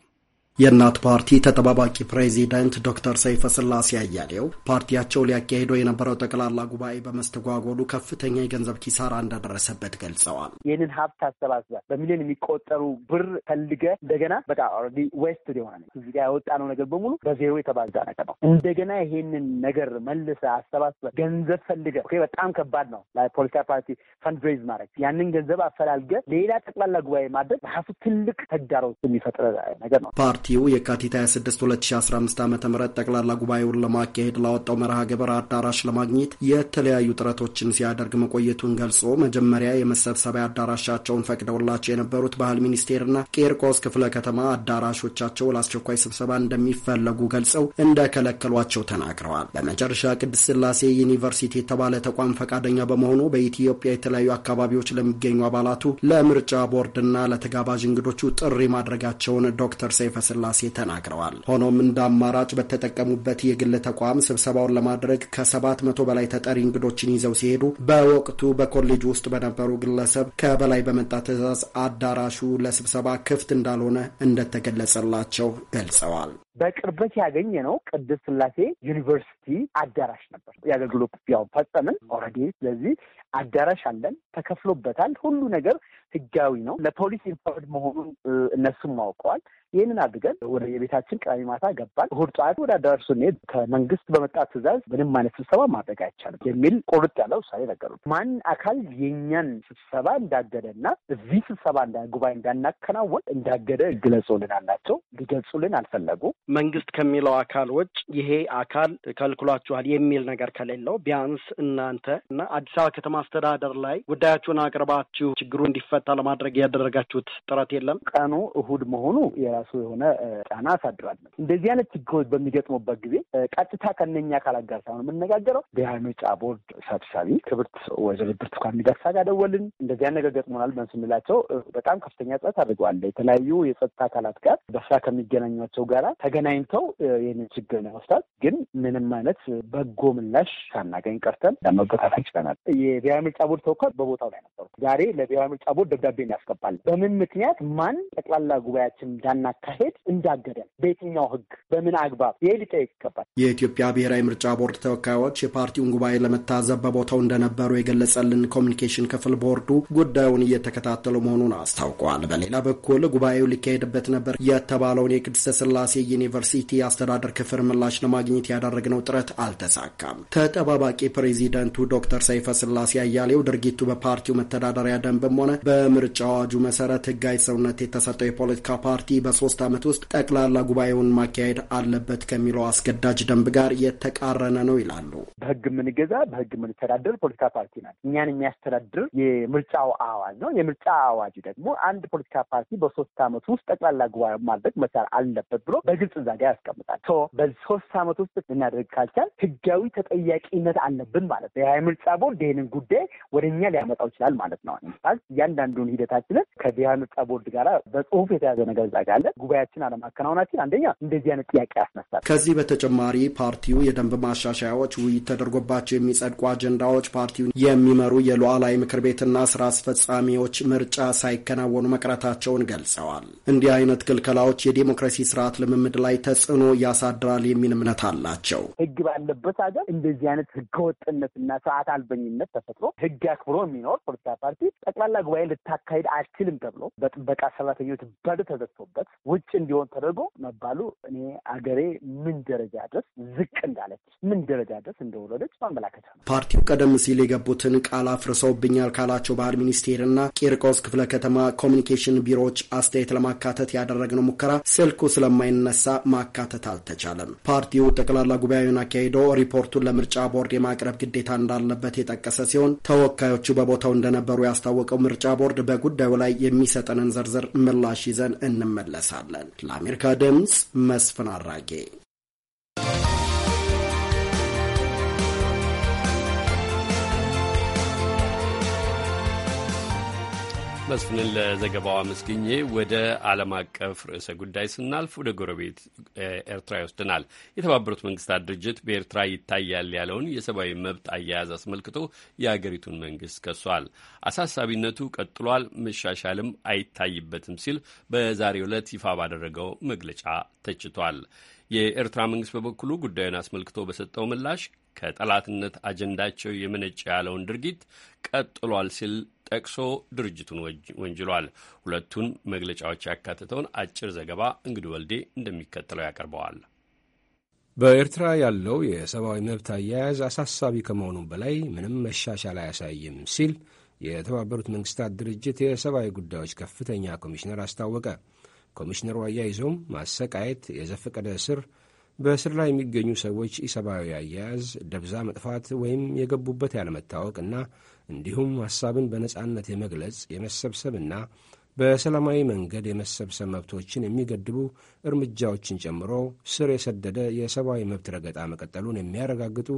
የእናት ፓርቲ ተጠባባቂ ፕሬዚደንት ዶክተር ሰይፈ ስላሴ አያሌው ፓርቲያቸው ሊያካሄደው የነበረው ጠቅላላ ጉባኤ በመስተጓጎሉ ከፍተኛ የገንዘብ ኪሳራ እንደደረሰበት ገልጸዋል። ይህንን ሀብት አሰባስበ በሚሊዮን የሚቆጠሩ ብር ፈልገ እንደገና በቃ ኦልሬዲ ዌስት የሆነ እዚህ ጋር ያወጣነው ነገር በሙሉ በዜሮ የተባዛ ነገር ነው። እንደገና ይሄንን ነገር መልሰ አሰባስበ ገንዘብ ፈልገ በጣም ከባድ ነው። ፖለቲካ ፓርቲ ፈንድሬዝ ማድረግ ያንን ገንዘብ አፈላልገ ሌላ ጠቅላላ ጉባኤ ማድረግ ራሱ ትልቅ ተግዳሮት የሚፈጥረ ነገር ነው። ፓርቲው የካቲት 26 2015 ዓ ም ጠቅላላ ጉባኤውን ለማካሄድ ላወጣው መርሃ ግብር አዳራሽ ለማግኘት የተለያዩ ጥረቶችን ሲያደርግ መቆየቱን ገልጾ መጀመሪያ የመሰብሰቢያ አዳራሻቸውን ፈቅደውላቸው የነበሩት ባህል ሚኒስቴርና ቄርቆስ ክፍለ ከተማ አዳራሾቻቸው ለአስቸኳይ ስብሰባ እንደሚፈለጉ ገልጸው እንደከለከሏቸው ተናግረዋል። በመጨረሻ ቅድስት ስላሴ ዩኒቨርሲቲ የተባለ ተቋም ፈቃደኛ በመሆኑ በኢትዮጵያ የተለያዩ አካባቢዎች ለሚገኙ አባላቱ ለምርጫ ቦርድና ለተጋባዥ እንግዶቹ ጥሪ ማድረጋቸውን ዶክተር ሰይፈ ስላሴ ተናግረዋል። ሆኖም እንደ አማራጭ በተጠቀሙበት የግል ተቋም ስብሰባውን ለማድረግ ከሰባት መቶ በላይ ተጠሪ እንግዶችን ይዘው ሲሄዱ በወቅቱ በኮሌጅ ውስጥ በነበሩ ግለሰብ ከበላይ በመጣ ትዕዛዝ አዳራሹ ለስብሰባ ክፍት እንዳልሆነ እንደተገለጸላቸው ገልጸዋል። በቅርበት ያገኘ ነው ቅድስት ስላሴ ዩኒቨርሲቲ አዳራሽ ነበር የአገልግሎት ያው ፈጸምን ኦልሬዲ። ስለዚህ አዳራሽ አለን፣ ተከፍሎበታል። ሁሉ ነገር ህጋዊ ነው። ለፖሊስ ኢምፓወርድ መሆኑን እነሱም አውቀዋል። ይህንን አድርገን ወደ የቤታችን ቅዳሜ ማታ ገባል። እሑድ ጠዋት ወደ አዳራሽ ስንሄድ ከመንግስት በመጣ ትዕዛዝ ምንም አይነት ስብሰባ ማድረግ አይቻልም የሚል ቁርጥ ያለ ውሳኔ ነገሩ። ማን አካል የእኛን ስብሰባ እንዳገደና እዚህ ስብሰባ ጉባኤ እንዳናከናወን እንዳገደ ግለጹልን አላቸው። ሊገልጹልን አልፈለጉ። መንግስት ከሚለው አካል ውጭ ይሄ አካል ከልክሏችኋል የሚል ነገር ከሌለው ቢያንስ እናንተ እና አዲስ አበባ ከተማ አስተዳደር ላይ ጉዳያችሁን አቅርባችሁ ችግሩ እንዲፈታ ለማድረግ ያደረጋችሁት ጥረት የለም? ቀኑ እሁድ መሆኑ የራሱ የሆነ ጫና አሳድራለን። እንደዚህ አይነት ችግሮች በሚገጥሙበት ጊዜ ቀጥታ ከነኛ አካላት ጋር ሳይሆን የምነጋገረው የምርጫ ቦርድ ሰብሳቢ ክብርት ወይዘሮ ብርቱካን ሚደቅሳ ጋር ደወልን። እንደዚህ ነገር ገጥሞናል በስንላቸው በጣም ከፍተኛ ጥረት አድርገዋል። የተለያዩ የጸጥታ አካላት ጋር በስራ ከሚገናኟቸው ጋራ ተገናኝተው ይህንን ችግር ለመፍታት ግን ምንም አይነት በጎ ምላሽ ሳናገኝ ቀርተን ለመበታተን ችለናል። የብሔራዊ ምርጫ ቦርድ ተወካዮች በቦታው ላይ ነበሩ። ዛሬ ለብሔራዊ ምርጫ ቦርድ ደብዳቤ ያስገባል። በምን ምክንያት ማን ጠቅላላ ጉባኤያችን እንዳናካሄድ እንዳገደን፣ በየትኛው ህግ፣ በምን አግባብ ይህ ሊጠየቅ ይገባል። የኢትዮጵያ ብሔራዊ ምርጫ ቦርድ ተወካዮች የፓርቲውን ጉባኤ ለመታዘብ በቦታው እንደነበሩ የገለጸልን ኮሚኒኬሽን ክፍል ቦርዱ ጉዳዩን እየተከታተሉ መሆኑን አስታውቋል። በሌላ በኩል ጉባኤው ሊካሄድበት ነበር የተባለውን የቅድስተ ስላሴ ዩኒቨርሲቲ አስተዳደር ክፍል ምላሽ ለማግኘት ያደረግነው ጥረት አልተሳካም። ተጠባባቂ ፕሬዚደንቱ ዶክተር ሰይፈ ስላሴ አያሌው ድርጊቱ በፓርቲው መተዳደሪያ ደንብም ሆነ በምርጫ አዋጁ መሰረት ህጋዊ ሰውነት የተሰጠው የፖለቲካ ፓርቲ በሶስት ዓመት ውስጥ ጠቅላላ ጉባኤውን ማካሄድ አለበት ከሚለው አስገዳጅ ደንብ ጋር የተቃረነ ነው ይላሉ። በህግ የምንገዛ በህግ የምንተዳደር ፖለቲካ ፓርቲ ናት። እኛን የሚያስተዳድር የምርጫው አዋጅ ነው። የምርጫ አዋጅ ደግሞ አንድ ፖለቲካ ፓርቲ በሶስት ዓመት ውስጥ ጠቅላላ ጉባኤ ማድረግ መቻል አለበት ብሎ በግልጽ እዛ ጋር ያስቀምጣል። በሶስት ዓመት ውስጥ ልናደርግ ካልቻል ህጋዊ ተጠያቂነት አለብን ማለት ነው። የምርጫ ቦርድ ይህንን ጉዳይ ወደ እኛ ሊያመጣው ይችላል ማለት ነው። ኢንፋክት እያንዳንዱን ሂደታችንን ከብሔራዊ ምርጫ ቦርድ ጋር በጽሁፍ የተያዘ ነገር ዛጋለ ጉባኤያችን አለማከናወናችን አንደኛ እንደዚህ አይነት ጥያቄ ያስነሳል። ከዚህ በተጨማሪ ፓርቲው የደንብ ማሻሻያዎች ውይይት ተደርጎባቸው የሚጸድቁ አጀንዳዎች ፓርቲውን የሚመሩ የሉዓላዊ ምክር ቤትና ስራ አስፈጻሚዎች ምርጫ ሳይከናወኑ መቅረታቸውን ገልጸዋል። እንዲህ አይነት ክልከላዎች የዴሞክራሲ ስርዓት ልምምድ ላይ ተጽዕኖ ያሳድራል የሚል እምነት አላቸው። ህግ ባለበት ሀገር እንደዚህ አይነት ህገወጥነትና ስርዓት አልበኝነት ተፈ ተፈጥሮ ህግ አክብሮ የሚኖር ፖለቲካ ፓርቲ ጠቅላላ ጉባኤ ልታካሄድ አልችልም ተብሎ በጥበቃ ሰራተኞች በር ተዘግቶበት ውጭ እንዲሆን ተደርጎ መባሉ እኔ አገሬ ምን ደረጃ ድረስ ዝቅ እንዳለች ምን ደረጃ ድረስ እንደወረደች ማመላከቻ ነው። ፓርቲው ቀደም ሲል የገቡትን ቃል አፍርሰውብኛል ካላቸው ባህል ሚኒስቴር እና ቂርቆስ ክፍለ ከተማ ኮሚኒኬሽን ቢሮዎች አስተያየት ለማካተት ያደረግነው ሙከራ ስልኩ ስለማይነሳ ማካተት አልተቻለም። ፓርቲው ጠቅላላ ጉባኤውን አካሂዶ ሪፖርቱን ለምርጫ ቦርድ የማቅረብ ግዴታ እንዳለበት የጠቀሰ ሲሆን ሲሆን ተወካዮቹ በቦታው እንደነበሩ ያስታወቀው ምርጫ ቦርድ በጉዳዩ ላይ የሚሰጠንን ዝርዝር ምላሽ ይዘን እንመለሳለን። ለአሜሪካ ድምፅ መስፍን አራጌ መስፍንን ለዘገባው አመስግኜ ወደ ዓለም አቀፍ ርዕሰ ጉዳይ ስናልፍ ወደ ጎረቤት ኤርትራ ይወስደናል። የተባበሩት መንግስታት ድርጅት በኤርትራ ይታያል ያለውን የሰብአዊ መብት አያያዝ አስመልክቶ የአገሪቱን መንግስት ከሷል። አሳሳቢነቱ ቀጥሏል፣ መሻሻልም አይታይበትም ሲል በዛሬ ዕለት ይፋ ባደረገው መግለጫ ተችቷል። የኤርትራ መንግስት በበኩሉ ጉዳዩን አስመልክቶ በሰጠው ምላሽ ከጠላትነት አጀንዳቸው የመነጨ ያለውን ድርጊት ቀጥሏል ሲል ጠቅሶ ድርጅቱን ወንጅሏል። ሁለቱን መግለጫዎች ያካተተውን አጭር ዘገባ እንግዲህ ወልዴ እንደሚከተለው ያቀርበዋል። በኤርትራ ያለው የሰብአዊ መብት አያያዝ አሳሳቢ ከመሆኑ በላይ ምንም መሻሻል አያሳይም ሲል የተባበሩት መንግስታት ድርጅት የሰብአዊ ጉዳዮች ከፍተኛ ኮሚሽነር አስታወቀ። ኮሚሽነሩ አያይዞም ማሰቃየት፣ የዘፈቀደ እስር፣ በእስር ላይ የሚገኙ ሰዎች ኢሰብአዊ አያያዝ፣ ደብዛ መጥፋት ወይም የገቡበት ያለመታወቅ እና እንዲሁም ሐሳብን በነጻነት የመግለጽ የመሰብሰብና በሰላማዊ መንገድ የመሰብሰብ መብቶችን የሚገድቡ እርምጃዎችን ጨምሮ ስር የሰደደ የሰብአዊ መብት ረገጣ መቀጠሉን የሚያረጋግጡ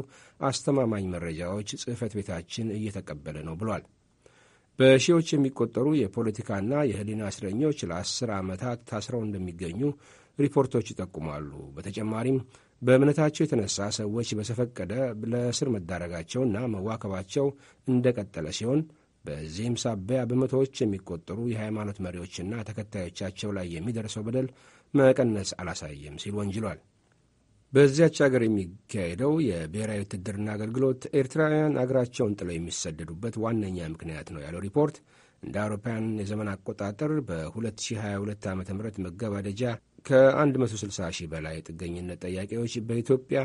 አስተማማኝ መረጃዎች ጽሕፈት ቤታችን እየተቀበለ ነው ብሏል። በሺዎች የሚቆጠሩ የፖለቲካና የህሊና እስረኞች ለአስር ዓመታት ታስረው እንደሚገኙ ሪፖርቶች ይጠቁማሉ። በተጨማሪም በእምነታቸው የተነሳ ሰዎች በሰፈቀደ ለእስር መዳረጋቸውና መዋከባቸው እንደቀጠለ ሲሆን በዚህም ሳቢያ በመቶዎች የሚቆጠሩ የሃይማኖት መሪዎችና ተከታዮቻቸው ላይ የሚደርሰው በደል መቀነስ አላሳየም ሲል ወንጅሏል። በዚያች አገር የሚካሄደው የብሔራዊ ውትድርና አገልግሎት ኤርትራውያን አገራቸውን ጥለው የሚሰደዱበት ዋነኛ ምክንያት ነው ያለው ሪፖርት እንደ አውሮፓውያን የዘመን አቆጣጠር በ2022 ዓ ም መገባደጃ ከ160 ሺህ በላይ ጥገኝነት ጠያቂዎች በኢትዮጵያ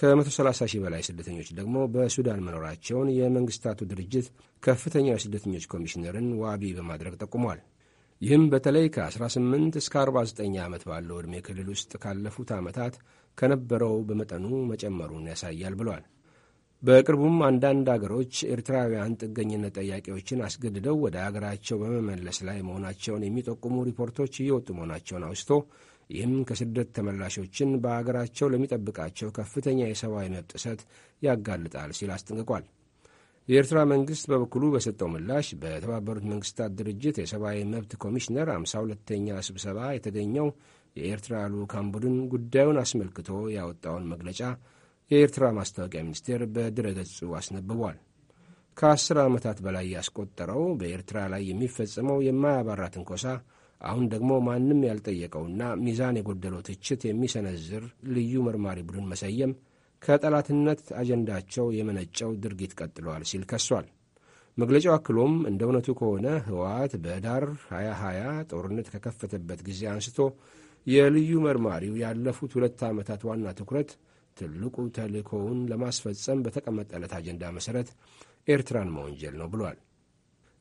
ከ130 ሺህ በላይ ስደተኞች ደግሞ በሱዳን መኖራቸውን የመንግስታቱ ድርጅት ከፍተኛ የስደተኞች ኮሚሽነርን ዋቢ በማድረግ ጠቁሟል። ይህም በተለይ ከ18 እስከ 49 ዓመት ባለው ዕድሜ ክልል ውስጥ ካለፉት ዓመታት ከነበረው በመጠኑ መጨመሩን ያሳያል ብሏል። በቅርቡም አንዳንድ አገሮች ኤርትራውያን ጥገኝነት ጠያቂዎችን አስገድደው ወደ አገራቸው በመመለስ ላይ መሆናቸውን የሚጠቁሙ ሪፖርቶች እየወጡ መሆናቸውን አውስቶ ይህም ከስደት ተመላሾችን በአገራቸው ለሚጠብቃቸው ከፍተኛ የሰብአዊ መብት ጥሰት ያጋልጣል ሲል አስጠንቅቋል። የኤርትራ መንግስት በበኩሉ በሰጠው ምላሽ በተባበሩት መንግስታት ድርጅት የሰብአዊ መብት ኮሚሽነር አምሳ ሁለተኛ ስብሰባ የተገኘው የኤርትራ ልዑካን ቡድን ጉዳዩን አስመልክቶ ያወጣውን መግለጫ የኤርትራ ማስታወቂያ ሚኒስቴር በድረገጹ አስነብቧል። ከአስር ዓመታት በላይ ያስቆጠረው በኤርትራ ላይ የሚፈጸመው የማያባራ ትንኮሳ አሁን ደግሞ ማንም ያልጠየቀውና ሚዛን የጎደለው ትችት የሚሰነዝር ልዩ መርማሪ ቡድን መሰየም ከጠላትነት አጀንዳቸው የመነጨው ድርጊት ቀጥለዋል ሲል ከሷል። መግለጫው አክሎም እንደ እውነቱ ከሆነ ህወሓት በዳር 2020 ጦርነት ከከፈተበት ጊዜ አንስቶ የልዩ መርማሪው ያለፉት ሁለት ዓመታት ዋና ትኩረት ትልቁ ተልእኮውን ለማስፈጸም በተቀመጠለት አጀንዳ መሠረት ኤርትራን መወንጀል ነው ብሏል።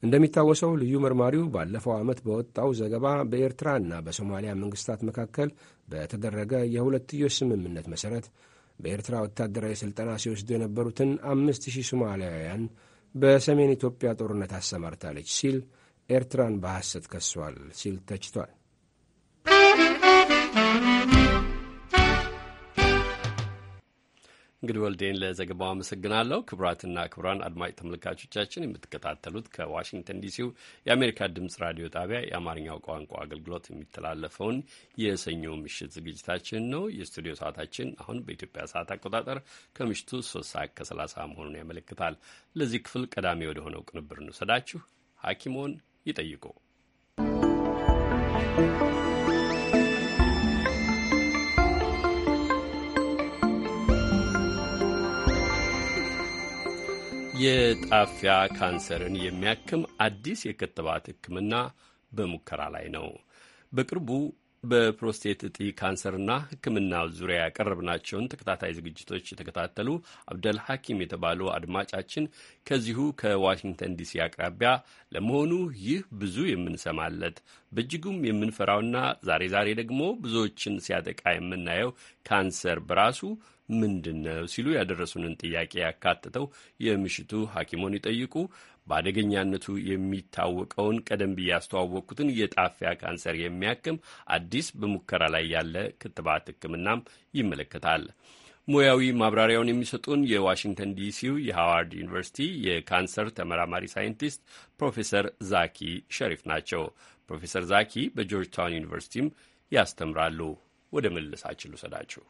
እንደሚታወሰው ልዩ መርማሪው ባለፈው ዓመት በወጣው ዘገባ በኤርትራና በሶማሊያ መንግሥታት መካከል በተደረገ የሁለትዮሽ ስምምነት መሠረት በኤርትራ ወታደራዊ ሥልጠና ሲወስዱ የነበሩትን አምስት ሺህ ሶማሊያውያን በሰሜን ኢትዮጵያ ጦርነት አሰማርታለች ሲል ኤርትራን በሐሰት ከሷል ሲል ተችቷል። እንግዲህ ወልዴን ለዘገባው አመሰግናለሁ። ክቡራትና ክቡራን አድማጭ ተመልካቾቻችን የምትከታተሉት ከዋሽንግተን ዲሲው የአሜሪካ ድምጽ ራዲዮ ጣቢያ የአማርኛው ቋንቋ አገልግሎት የሚተላለፈውን የሰኞ ምሽት ዝግጅታችን ነው። የስቱዲዮ ሰዓታችን አሁን በኢትዮጵያ ሰዓት አቆጣጠር ከምሽቱ ሶስት ሰዓት ከሰላሳ መሆኑን ያመለክታል። ለዚህ ክፍል ቀዳሚ ወደሆነው ቅንብር እንውሰዳችሁ። ሐኪሞን ይጠይቁ የጣፊያ ካንሰርን የሚያክም አዲስ የክትባት ሕክምና በሙከራ ላይ ነው። በቅርቡ በፕሮስቴት እጢ ካንሰርና ሕክምና ዙሪያ ያቀረብናቸውን ተከታታይ ዝግጅቶች የተከታተሉ አብደል ሐኪም የተባሉ አድማጫችን ከዚሁ ከዋሽንግተን ዲሲ አቅራቢያ ለመሆኑ ይህ ብዙ የምንሰማለት በእጅጉም የምንፈራውና ዛሬ ዛሬ ደግሞ ብዙዎችን ሲያጠቃ የምናየው ካንሰር በራሱ ምንድን ነው ሲሉ ያደረሱንን ጥያቄ ያካትተው የምሽቱ ሐኪሞን ይጠይቁ በአደገኛነቱ የሚታወቀውን ቀደም ብዬ ያስተዋወቅኩትን የጣፊያ ካንሰር የሚያክም አዲስ በሙከራ ላይ ያለ ክትባት ሕክምናም ይመለከታል። ሙያዊ ማብራሪያውን የሚሰጡን የዋሽንግተን ዲሲው የሃዋርድ ዩኒቨርሲቲ የካንሰር ተመራማሪ ሳይንቲስት ፕሮፌሰር ዛኪ ሸሪፍ ናቸው። ፕሮፌሰር ዛኪ በጆርጅታውን ዩኒቨርሲቲም ያስተምራሉ። ወደ መልሳችን ልውሰዳችሁ።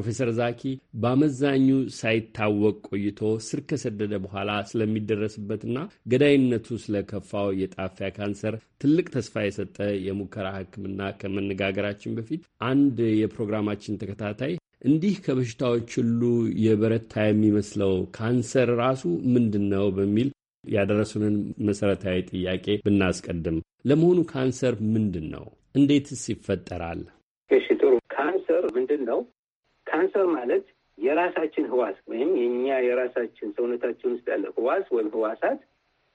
ፕሮፌሰር ዛኪ በአመዛኙ ሳይታወቅ ቆይቶ ስር ከሰደደ በኋላ ስለሚደረስበትና ገዳይነቱ ስለከፋው የጣፊያ ካንሰር ትልቅ ተስፋ የሰጠ የሙከራ ሕክምና ከመነጋገራችን በፊት አንድ የፕሮግራማችን ተከታታይ እንዲህ ከበሽታዎች ሁሉ የበረታ የሚመስለው ካንሰር ራሱ ምንድን ነው በሚል ያደረሱንን መሰረታዊ ጥያቄ ብናስቀድም፣ ለመሆኑ ካንሰር ምንድን ነው? እንዴትስ ይፈጠራል? እሺ ጥሩ። ካንሰር ምንድን ነው? ካንሰር ማለት የራሳችን ህዋስ ወይም የእኛ የራሳችን ሰውነታችን ውስጥ ያለ ህዋስ ወይም ህዋሳት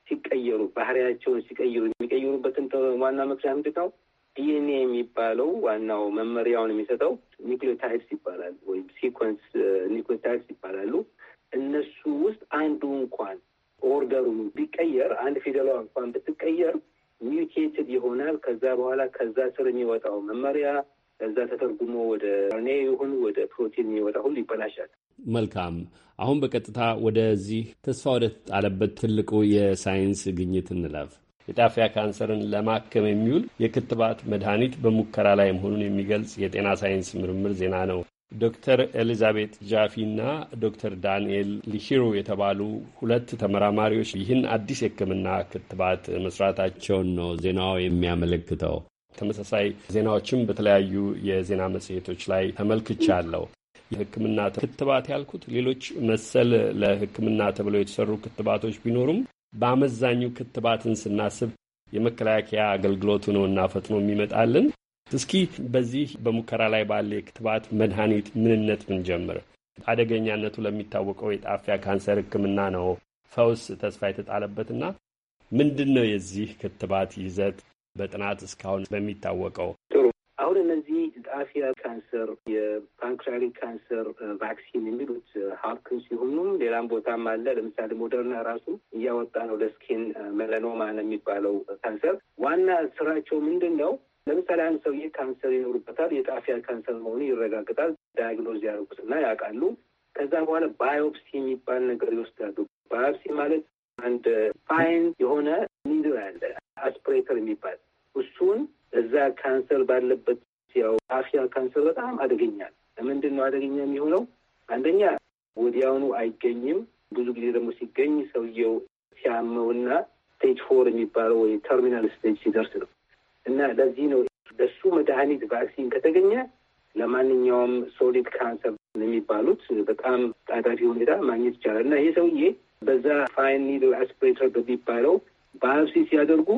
ሲቀየሩ ባህሪያቸውን ሲቀይሩ የሚቀይሩበትን ዋና ምክንያት ምንድን ነው? ዲኤንኤ የሚባለው ዋናው መመሪያውን የሚሰጠው ኒክሊዮታይድስ ይባላል ወይም ሲኮንስ ኒክሊዮታይድስ ይባላሉ። እነሱ ውስጥ አንዱ እንኳን ኦርደሩ ቢቀየር አንድ ፊደሏ እንኳን ብትቀየር ሚውቴትድ ይሆናል። ከዛ በኋላ ከዛ ስር የሚወጣው መመሪያ ከዛ ተተርጉሞ ወደ ኔ ይሁን ወደ ፕሮቲን የሚወጣ ሁሉ ይበላሻል። መልካም። አሁን በቀጥታ ወደዚህ ተስፋ ወደ ተጣለበት ትልቁ የሳይንስ ግኝት እንለፍ። የጣፊያ ካንሰርን ለማከም የሚውል የክትባት መድኃኒት በሙከራ ላይ መሆኑን የሚገልጽ የጤና ሳይንስ ምርምር ዜና ነው። ዶክተር ኤሊዛቤት ጃፊ እና ዶክተር ዳንኤል ሊሺሮ የተባሉ ሁለት ተመራማሪዎች ይህን አዲስ የሕክምና ክትባት መስራታቸውን ነው ዜናው የሚያመለክተው። ተመሳሳይ ዜናዎችም በተለያዩ የዜና መጽሔቶች ላይ ተመልክቻለሁ። የሕክምና ክትባት ያልኩት ሌሎች መሰል ለሕክምና ተብለው የተሰሩ ክትባቶች ቢኖሩም በአመዛኙ ክትባትን ስናስብ የመከላከያ አገልግሎቱ ነው እና ፈጥኖ የሚመጣልን። እስኪ በዚህ በሙከራ ላይ ባለ የክትባት መድኃኒት ምንነት ብንጀምር። አደገኛነቱ ለሚታወቀው የጣፊያ ካንሰር ሕክምና ነው ፈውስ ተስፋ የተጣለበትና ምንድን ነው የዚህ ክትባት ይዘት በጥናት እስካሁን በሚታወቀው? ጥሩ አሁን እነዚህ ጣፊያ ካንሰር፣ የፓንክሪያቲክ ካንሰር ቫክሲን የሚሉት ሀብክን ሲሆኑ ሌላም ቦታም አለ። ለምሳሌ ሞደርና ራሱ እያወጣ ነው ለስኪን መለኖማ ነው የሚባለው ካንሰር። ዋና ስራቸው ምንድን ነው? ለምሳሌ አንድ ሰውዬ ካንሰር ይኖርበታል። የጣፊያ ካንሰር መሆኑ ይረጋግጣል። ዳያግኖዝ ያደርጉትና ያውቃሉ። ከዛ በኋላ ባዮፕሲ የሚባል ነገር ይወስዳሉ። ባዮፕሲ ማለት አንድ ፋይን የሆነ ኒድል አለ አስፕሬተር የሚባል እሱን እዛ ካንሰር ባለበት ያው አፍያ ካንሰር በጣም አደገኛ ለምንድን ነው አደገኛ የሚሆነው? አንደኛ ወዲያውኑ አይገኝም። ብዙ ጊዜ ደግሞ ሲገኝ ሰውየው ሲያመውና ስቴጅ ፎር የሚባለው ወይ ተርሚናል ስቴጅ ሲደርስ ነው እና ለዚህ ነው ለሱ መድኃኒት ቫክሲን ከተገኘ ለማንኛውም ሶሊድ ካንሰር የሚባሉት በጣም ጣጣፊ ሁኔታ ማግኘት ይቻላል እና ይህ ሰውዬ በዛ ፋይን ኒድል አስፕሬተር በሚባለው ባዮፕሲ ሲያደርጉ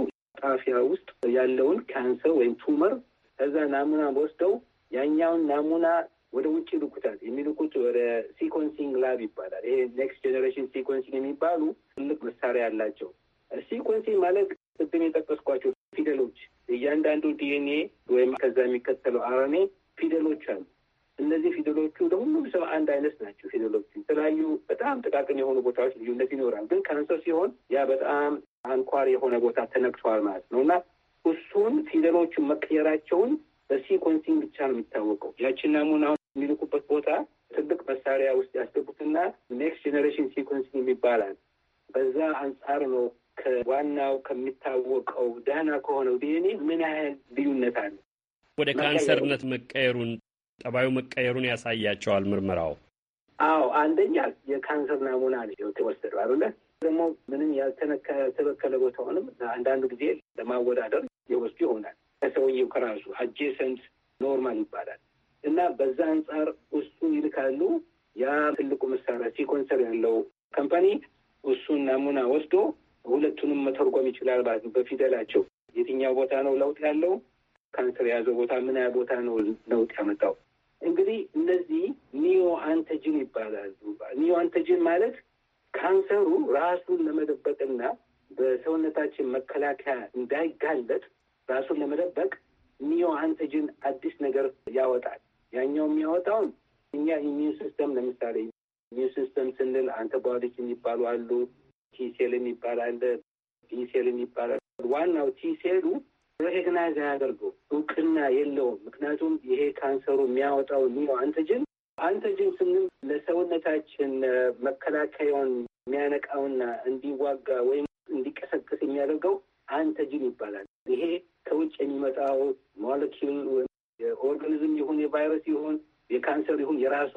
ጣፊያ ውስጥ ያለውን ካንሰር ወይም ቱመር ከዛ ናሙና ወስደው ያኛውን ናሙና ወደ ውጭ ይልኩታል። የሚልኩት ወደ ሲኮንሲንግ ላብ ይባላል። ይሄ ኔክስት ጀኔሬሽን ሲኮንሲንግ የሚባሉ ትልቅ መሳሪያ ያላቸው ሲኮንሲንግ ማለት ቅድም የጠቀስኳቸው ፊደሎች እያንዳንዱ ዲኤንኤ ወይም ከዛ የሚከተለው አርኔ ፊደሎች አሉ። እነዚህ ፊደሎቹ ለሁሉም ሰው አንድ አይነት ናቸው። ፊደሎቹ የተለያዩ በጣም ጥቃቅን የሆኑ ቦታዎች ልዩነት ይኖራል። ግን ካንሰር ሲሆን ያ በጣም አንኳር የሆነ ቦታ ተነክቷል ማለት ነው እና እሱን ፊደሎቹ መቀየራቸውን በሲኮንሲንግ ብቻ ነው የሚታወቀው። ያችን ናሙና አሁን የሚልኩበት ቦታ ትልቅ መሳሪያ ውስጥ ያስገቡትና ኔክስት ጀኔሬሽን ሲኮንሲንግ የሚባላል። በዛ አንጻር ነው ከዋናው ከሚታወቀው ደህና ከሆነው ዲኤንኤ ምን ያህል ልዩነት አለ ወደ ካንሰርነት መቀየሩን ጠባዩ መቀየሩን ያሳያቸዋል ምርመራው? አዎ አንደኛ የካንሰር ናሙና ነው የተወሰደው አይደለ? ደግሞ ምንም ያልተበከለ ቦታውንም አንዳንዱ ጊዜ ለማወዳደር የወስዱ ይሆናል ከሰውየው ከራሱ አጄሰንት ኖርማል ይባላል እና በዛ አንጻር እሱ ይልካሉ። ያ ትልቁ መሳሪያ ሲኮንሰር ያለው ከምፓኒ እሱን ናሙና ወስዶ ሁለቱንም መተርጎም ይችላል ማለት በፊደላቸው የትኛው ቦታ ነው ለውጥ ያለው ካንሰር የያዘው ቦታ ምን ያ ቦታ ነው ለውጥ ያመጣው እንግዲህ እነዚህ ኒዮ አንተጅን ይባላሉ። ኒዮ አንተጅን ማለት ካንሰሩ ራሱን ለመደበቅና በሰውነታችን መከላከያ እንዳይጋለጥ ራሱን ለመደበቅ ኒዮ አንተጂን አዲስ ነገር ያወጣል። ያኛው የሚያወጣውን እኛ ኢሚዩን ሲስተም ለምሳሌ ኢሚዩን ሲስተም ስንል አንቲባዮቲክ የሚባሉ አሉ። ቲሴል የሚባል አለ። ቢሴል የሚባል ዋናው ቲሴሉ ሬኮግናይዝ አያደርገው እውቅና የለውም። ምክንያቱም ይሄ ካንሰሩ የሚያወጣው ኒዮ አንተጅን አንተጅን ስንል ለሰውነታችን መከላከያውን የሚያነቃውና እንዲዋጋ ወይም እንዲቀሰቅስ የሚያደርገው አንተጅን ይባላል። ይሄ ከውጭ የሚመጣው ሞለኪል ወይም የኦርጋኒዝም ይሁን የቫይረስ ይሁን የካንሰር ይሁን የራሱ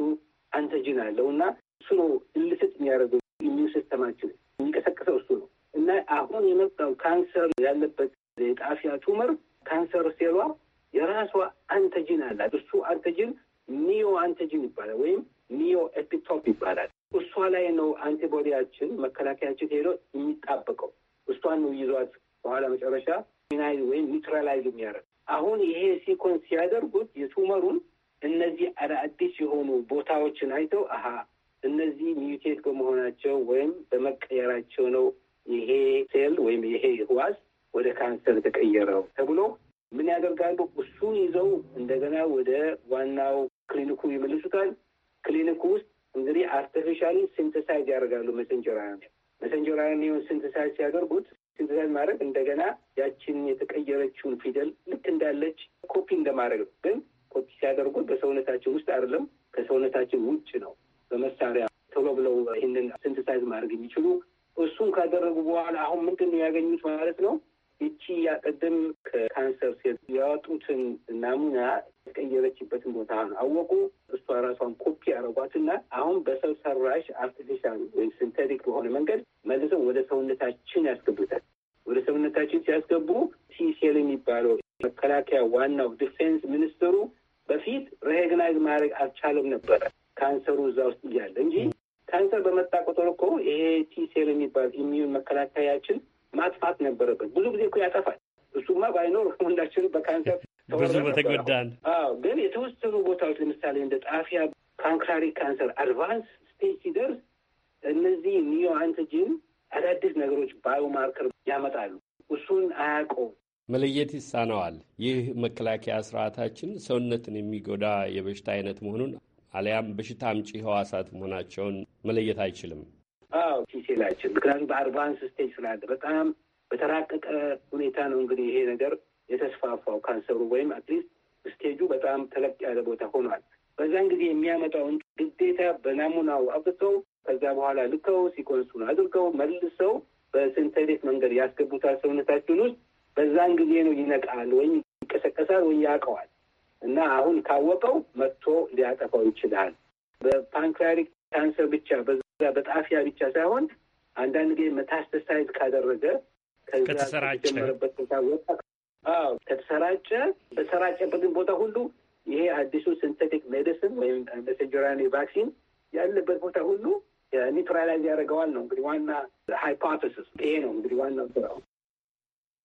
አንተጅን አለው እና እሱ ነው እልስጥ የሚያደርገው ኢሚዩን ሲስተማችን የሚቀሰቅሰው እሱ ነው እና አሁን የመጣው ካንሰር ያለበት የጣፊያ ቱመር ካንሰር ሴሏ የራሷ አንተጂን አላት። እሱ አንተጂን ኒዮ አንተጂን ይባላል ወይም ኒዮ ኤፒቶፕ ይባላል። እሷ ላይ ነው አንቲቦዲያችን መከላከያችን ሄዶ የሚጣበቀው እሷን ነው ይዟት በኋላ መጨረሻ ሚናይዝ ወይም ኒውትራላይዝ የሚያደርግ አሁን ይሄ ሲኮንስ ሲያደርጉት የቱመሩን እነዚህ አዳዲስ የሆኑ ቦታዎችን አይተው አሀ እነዚህ ሚዩቴት በመሆናቸው ወይም በመቀየራቸው ነው ይሄ ሴል ወይም ይሄ ህዋስ ወደ ካንሰር የተቀየረው ተብሎ ምን ያደርጋሉ? እሱን ይዘው እንደገና ወደ ዋናው ክሊኒኩ ይመልሱታል። ክሊኒኩ ውስጥ እንግዲህ አርቲፊሻሊ ሲንተሳይዝ ያደርጋሉ። መሰንጀር አያን መሰንጀር አያን ሲንተሳይዝ ሲያደርጉት ሲንተሳይዝ ማድረግ እንደገና ያችን የተቀየረችውን ፊደል ልክ እንዳለች ኮፒ እንደማድረግ ነው። ግን ኮፒ ሲያደርጉት በሰውነታችን ውስጥ አይደለም፣ ከሰውነታችን ውጭ ነው። በመሳሪያ ቶሎ ብለው ይህንን ሲንተሳይዝ ማድረግ የሚችሉ እሱን ካደረጉ በኋላ አሁን ምንድን ነው ያገኙት ማለት ነው እቺ ያቀድም ከካንሰር ሴል ያወጡትን ናሙና የቀየረችበትን ቦታ አወቁ። መለየት ይሳነዋል። ይህ መከላከያ ስርዓታችን ሰውነትን የሚጎዳ የበሽታ አይነት መሆኑን አሊያም በሽታ አምጪ ህዋሳት መሆናቸውን መለየት አይችልም። አዎ ምክንያቱም በአድቫንስ ስቴጅ ስላለ በጣም በተራቀቀ ሁኔታ ነው እንግዲህ ይሄ ነገር የተስፋፋው ካንሰሩ ወይም አትሊስት ስቴጁ በጣም ተለቅ ያለ ቦታ ሆኗል። በዛን ጊዜ የሚያመጣውን ግዴታ በናሙናው አብቅተው ከዛ በኋላ ልከው ሲኮንሱን አድርገው መልሰው በሲንተቴቲክ መንገድ ያስገቡታል ሰውነታችን ውስጥ በዛን ጊዜ ነው ይነቃል ወይም ይቀሰቀሳል ወይ ያውቀዋል እና አሁን ካወቀው መጥቶ ሊያጠፋው ይችላል። በፓንክሪያሪክ ካንሰር ብቻ በዛ በጣፊያ ብቻ ሳይሆን አንዳንድ ጊዜ መታስተሳይዝ ካደረገ ከዛ ጀመረበት ከተሰራጨ በሰራጨበትን ቦታ ሁሉ ይሄ አዲሱ ሲንተቲክ ሜዲሲን ወይም መሰንጀራኒ ቫክሲን ያለበት ቦታ ሁሉ ኒውትራላይዝ ያደርገዋል ነው እንግዲህ ዋና ሃይፖቴሲስ ይሄ ነው እንግዲህ ዋናው ስራው።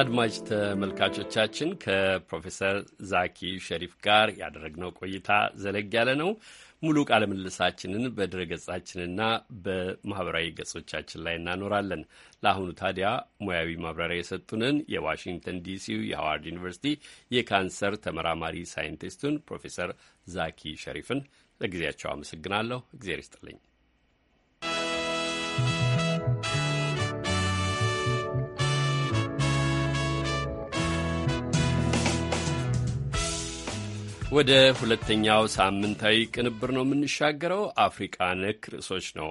አድማጭ ተመልካቾቻችን ከፕሮፌሰር ዛኪ ሸሪፍ ጋር ያደረግነው ቆይታ ዘለግ ያለ ነው። ሙሉ ቃለ ምልልሳችንን በድረ ገጻችንና በማኅበራዊ ገጾቻችን ላይ እናኖራለን። ለአሁኑ ታዲያ ሙያዊ ማብራሪያ የሰጡንን የዋሽንግተን ዲሲው የሃዋርድ ዩኒቨርሲቲ የካንሰር ተመራማሪ ሳይንቲስቱን ፕሮፌሰር ዛኪ ሸሪፍን ለጊዜያቸው አመሰግናለሁ። እግዜር ይስጥልኝ። ወደ ሁለተኛው ሳምንታዊ ቅንብር ነው የምንሻገረው። አፍሪቃ ነክ ርዕሶች ነው።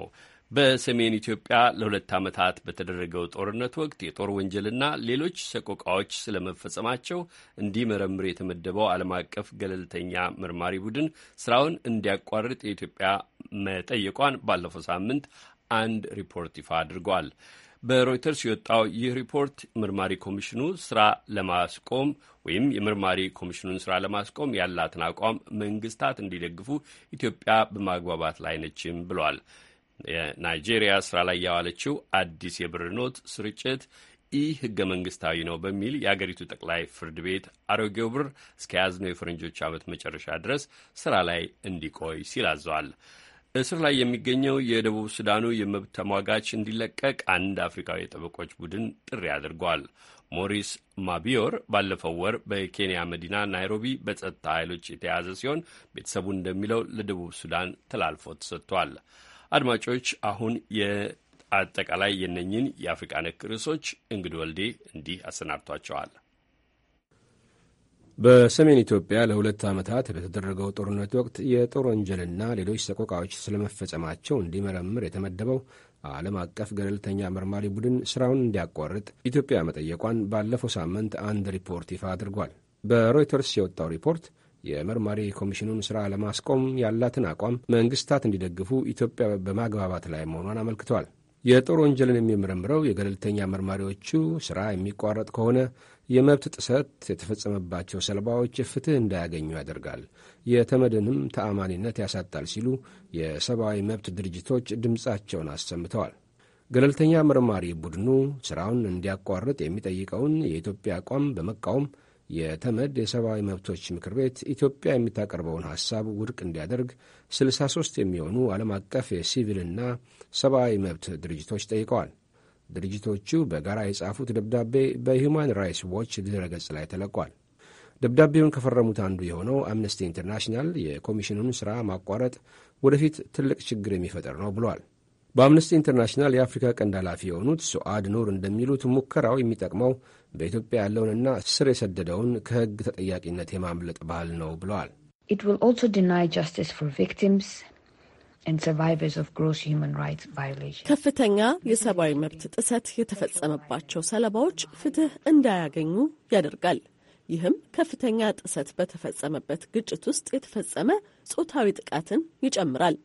በሰሜን ኢትዮጵያ ለሁለት ዓመታት በተደረገው ጦርነት ወቅት የጦር ወንጀልና ሌሎች ሰቆቃዎች ስለመፈጸማቸው እንዲመረምር የተመደበው ዓለም አቀፍ ገለልተኛ መርማሪ ቡድን ስራውን እንዲያቋርጥ የኢትዮጵያ መጠየቋን ባለፈው ሳምንት አንድ ሪፖርት ይፋ አድርጓል። በሮይተርስ የወጣው ይህ ሪፖርት መርማሪ ኮሚሽኑ ስራ ለማስቆም ወይም የምርማሪ ኮሚሽኑን ስራ ለማስቆም ያላትን አቋም መንግስታት እንዲደግፉ ኢትዮጵያ በማግባባት ላይ ነችም ብሏል። የናይጄሪያ ስራ ላይ ያዋለችው አዲስ የብር ኖት ስርጭት ኢ ህገ መንግስታዊ ነው በሚል የአገሪቱ ጠቅላይ ፍርድ ቤት አሮጌው ብር እስከያዝነው የፈረንጆች ዓመት መጨረሻ ድረስ ስራ ላይ እንዲቆይ ሲል አዘዋል። እስር ላይ የሚገኘው የደቡብ ሱዳኑ የመብት ተሟጋች እንዲለቀቅ አንድ አፍሪካዊ የጠበቆች ቡድን ጥሪ አድርጓል። ሞሪስ ማቢዮር ባለፈው ወር በኬንያ መዲና ናይሮቢ በጸጥታ ኃይሎች የተያዘ ሲሆን ቤተሰቡ እንደሚለው ለደቡብ ሱዳን ተላልፎ ተሰጥቷል። አድማጮች፣ አሁን የአጠቃላይ የነኝን የአፍሪቃ ነክ ርዕሶች እንግድ ወልዴ እንዲህ አሰናድቷቸዋል። በሰሜን ኢትዮጵያ ለሁለት ዓመታት በተደረገው ጦርነት ወቅት የጦር ወንጀልና ሌሎች ሰቆቃዎች ስለመፈጸማቸው እንዲመረምር የተመደበው ዓለም አቀፍ ገለልተኛ መርማሪ ቡድን ስራውን እንዲያቋርጥ ኢትዮጵያ መጠየቋን ባለፈው ሳምንት አንድ ሪፖርት ይፋ አድርጓል። በሮይተርስ የወጣው ሪፖርት የመርማሪ ኮሚሽኑን ሥራ ለማስቆም ያላትን አቋም መንግስታት እንዲደግፉ ኢትዮጵያ በማግባባት ላይ መሆኗን አመልክቷል። የጦር ወንጀልን የሚመረምረው የገለልተኛ መርማሪዎቹ ሥራ የሚቋረጥ ከሆነ የመብት ጥሰት የተፈጸመባቸው ሰለባዎች ፍትሕ እንዳያገኙ ያደርጋል፣ የተመድንም ተአማኒነት ያሳጣል ሲሉ የሰብአዊ መብት ድርጅቶች ድምፃቸውን አሰምተዋል። ገለልተኛ መርማሪ ቡድኑ ሥራውን እንዲያቋርጥ የሚጠይቀውን የኢትዮጵያ አቋም በመቃወም የተመድ የሰብአዊ መብቶች ምክር ቤት ኢትዮጵያ የምታቀርበውን ሐሳብ ውድቅ እንዲያደርግ 63 የሚሆኑ ዓለም አቀፍ የሲቪልና ሰብአዊ መብት ድርጅቶች ጠይቀዋል። ድርጅቶቹ በጋራ የጻፉት ደብዳቤ በሂውማን ራይትስ ዎች ድረገጽ ላይ ተለቋል። ደብዳቤውን ከፈረሙት አንዱ የሆነው አምነስቲ ኢንተርናሽናል የኮሚሽኑን ሥራ ማቋረጥ ወደፊት ትልቅ ችግር የሚፈጠር ነው ብሏል። በአምነስቲ ኢንተርናሽናል የአፍሪካ ቀንድ ኃላፊ የሆኑት ሱአድ ኑር እንደሚሉት ሙከራው የሚጠቅመው በኢትዮጵያ ያለውንና ስር የሰደደውን ከሕግ ተጠያቂነት የማምለጥ ባህል ነው ብለዋል። It will also deny justice for victims ከፍተኛ የሰብአዊ መብት ጥሰት የተፈጸመባቸው ሰለባዎች ፍትህ እንዳያገኙ ያደርጋል። ይህም ከፍተኛ ጥሰት በተፈጸመበት ግጭት ውስጥ የተፈጸመ ጾታዊ ጥቃትን ይጨምራል።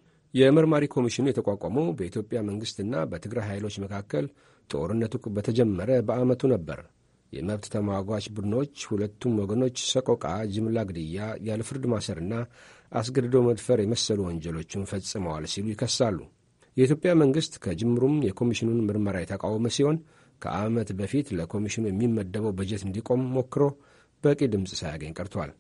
የመርማሪ ኮሚሽኑ የተቋቋመው በኢትዮጵያ መንግስትና በትግራይ ኃይሎች መካከል ጦርነቱ በተጀመረ በዓመቱ ነበር። የመብት ተሟጓች ቡድኖች ሁለቱም ወገኖች ሰቆቃ፣ ጅምላ ግድያ፣ ያለ ፍርድ ማሰርና አስገድዶ መድፈር የመሰሉ ወንጀሎችን ፈጽመዋል ሲሉ ይከሳሉ። የኢትዮጵያ መንግሥት ከጅምሩም የኮሚሽኑን ምርመራ የተቃወመ ሲሆን ከዓመት በፊት ለኮሚሽኑ የሚመደበው በጀት እንዲቆም ሞክሮ በቂ ድምፅ ሳያገኝ ቀርቷል።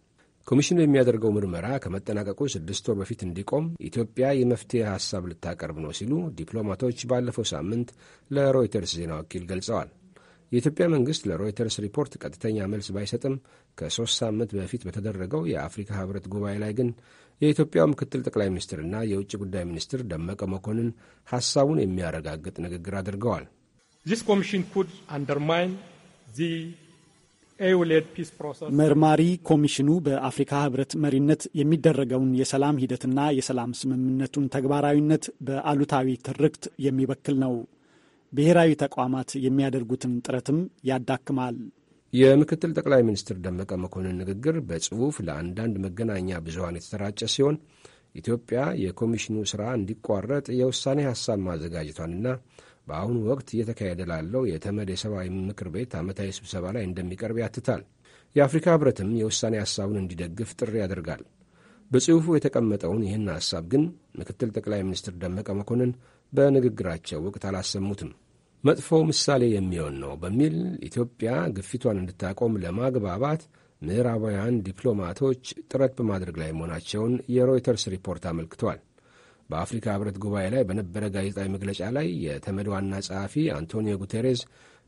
ኮሚሽኑ የሚያደርገው ምርመራ ከመጠናቀቁ ስድስት ወር በፊት እንዲቆም ኢትዮጵያ የመፍትሄ ሐሳብ ልታቀርብ ነው ሲሉ ዲፕሎማቶች ባለፈው ሳምንት ለሮይተርስ ዜና ወኪል ገልጸዋል። የኢትዮጵያ መንግስት ለሮይተርስ ሪፖርት ቀጥተኛ መልስ ባይሰጥም ከሶስት ሳምንት በፊት በተደረገው የአፍሪካ ህብረት ጉባኤ ላይ ግን የኢትዮጵያው ምክትል ጠቅላይ ሚኒስትርና የውጭ ጉዳይ ሚኒስትር ደመቀ መኮንን ሐሳቡን የሚያረጋግጥ ንግግር አድርገዋል። e መርማሪ ኮሚሽኑ በአፍሪካ ህብረት መሪነት የሚደረገውን የሰላም ሂደትና የሰላም ስምምነቱን ተግባራዊነት በአሉታዊ ትርክት የሚበክል ነው። ብሔራዊ ተቋማት የሚያደርጉትን ጥረትም ያዳክማል። የምክትል ጠቅላይ ሚኒስትር ደመቀ መኮንን ንግግር በጽሑፍ ለአንዳንድ መገናኛ ብዙሀን የተሰራጨ ሲሆን ኢትዮጵያ የኮሚሽኑ ሥራ እንዲቋረጥ የውሳኔ ሐሳብ ማዘጋጀቷንና በአሁኑ ወቅት እየተካሄደ ላለው የተመድ የሰብአዊ ምክር ቤት ዓመታዊ ስብሰባ ላይ እንደሚቀርብ ያትታል። የአፍሪካ ህብረትም የውሳኔ ሐሳቡን እንዲደግፍ ጥሪ ያደርጋል። በጽሑፉ የተቀመጠውን ይህን ሐሳብ ግን ምክትል ጠቅላይ ሚኒስትር ደመቀ መኮንን በንግግራቸው ወቅት አላሰሙትም። መጥፎ ምሳሌ የሚሆን ነው በሚል ኢትዮጵያ ግፊቷን እንድታቆም ለማግባባት ምዕራባውያን ዲፕሎማቶች ጥረት በማድረግ ላይ መሆናቸውን የሮይተርስ ሪፖርት አመልክቷል። በአፍሪካ ሕብረት ጉባኤ ላይ በነበረ ጋዜጣዊ መግለጫ ላይ የተመድ ዋና ጸሐፊ አንቶኒዮ ጉቴሬዝ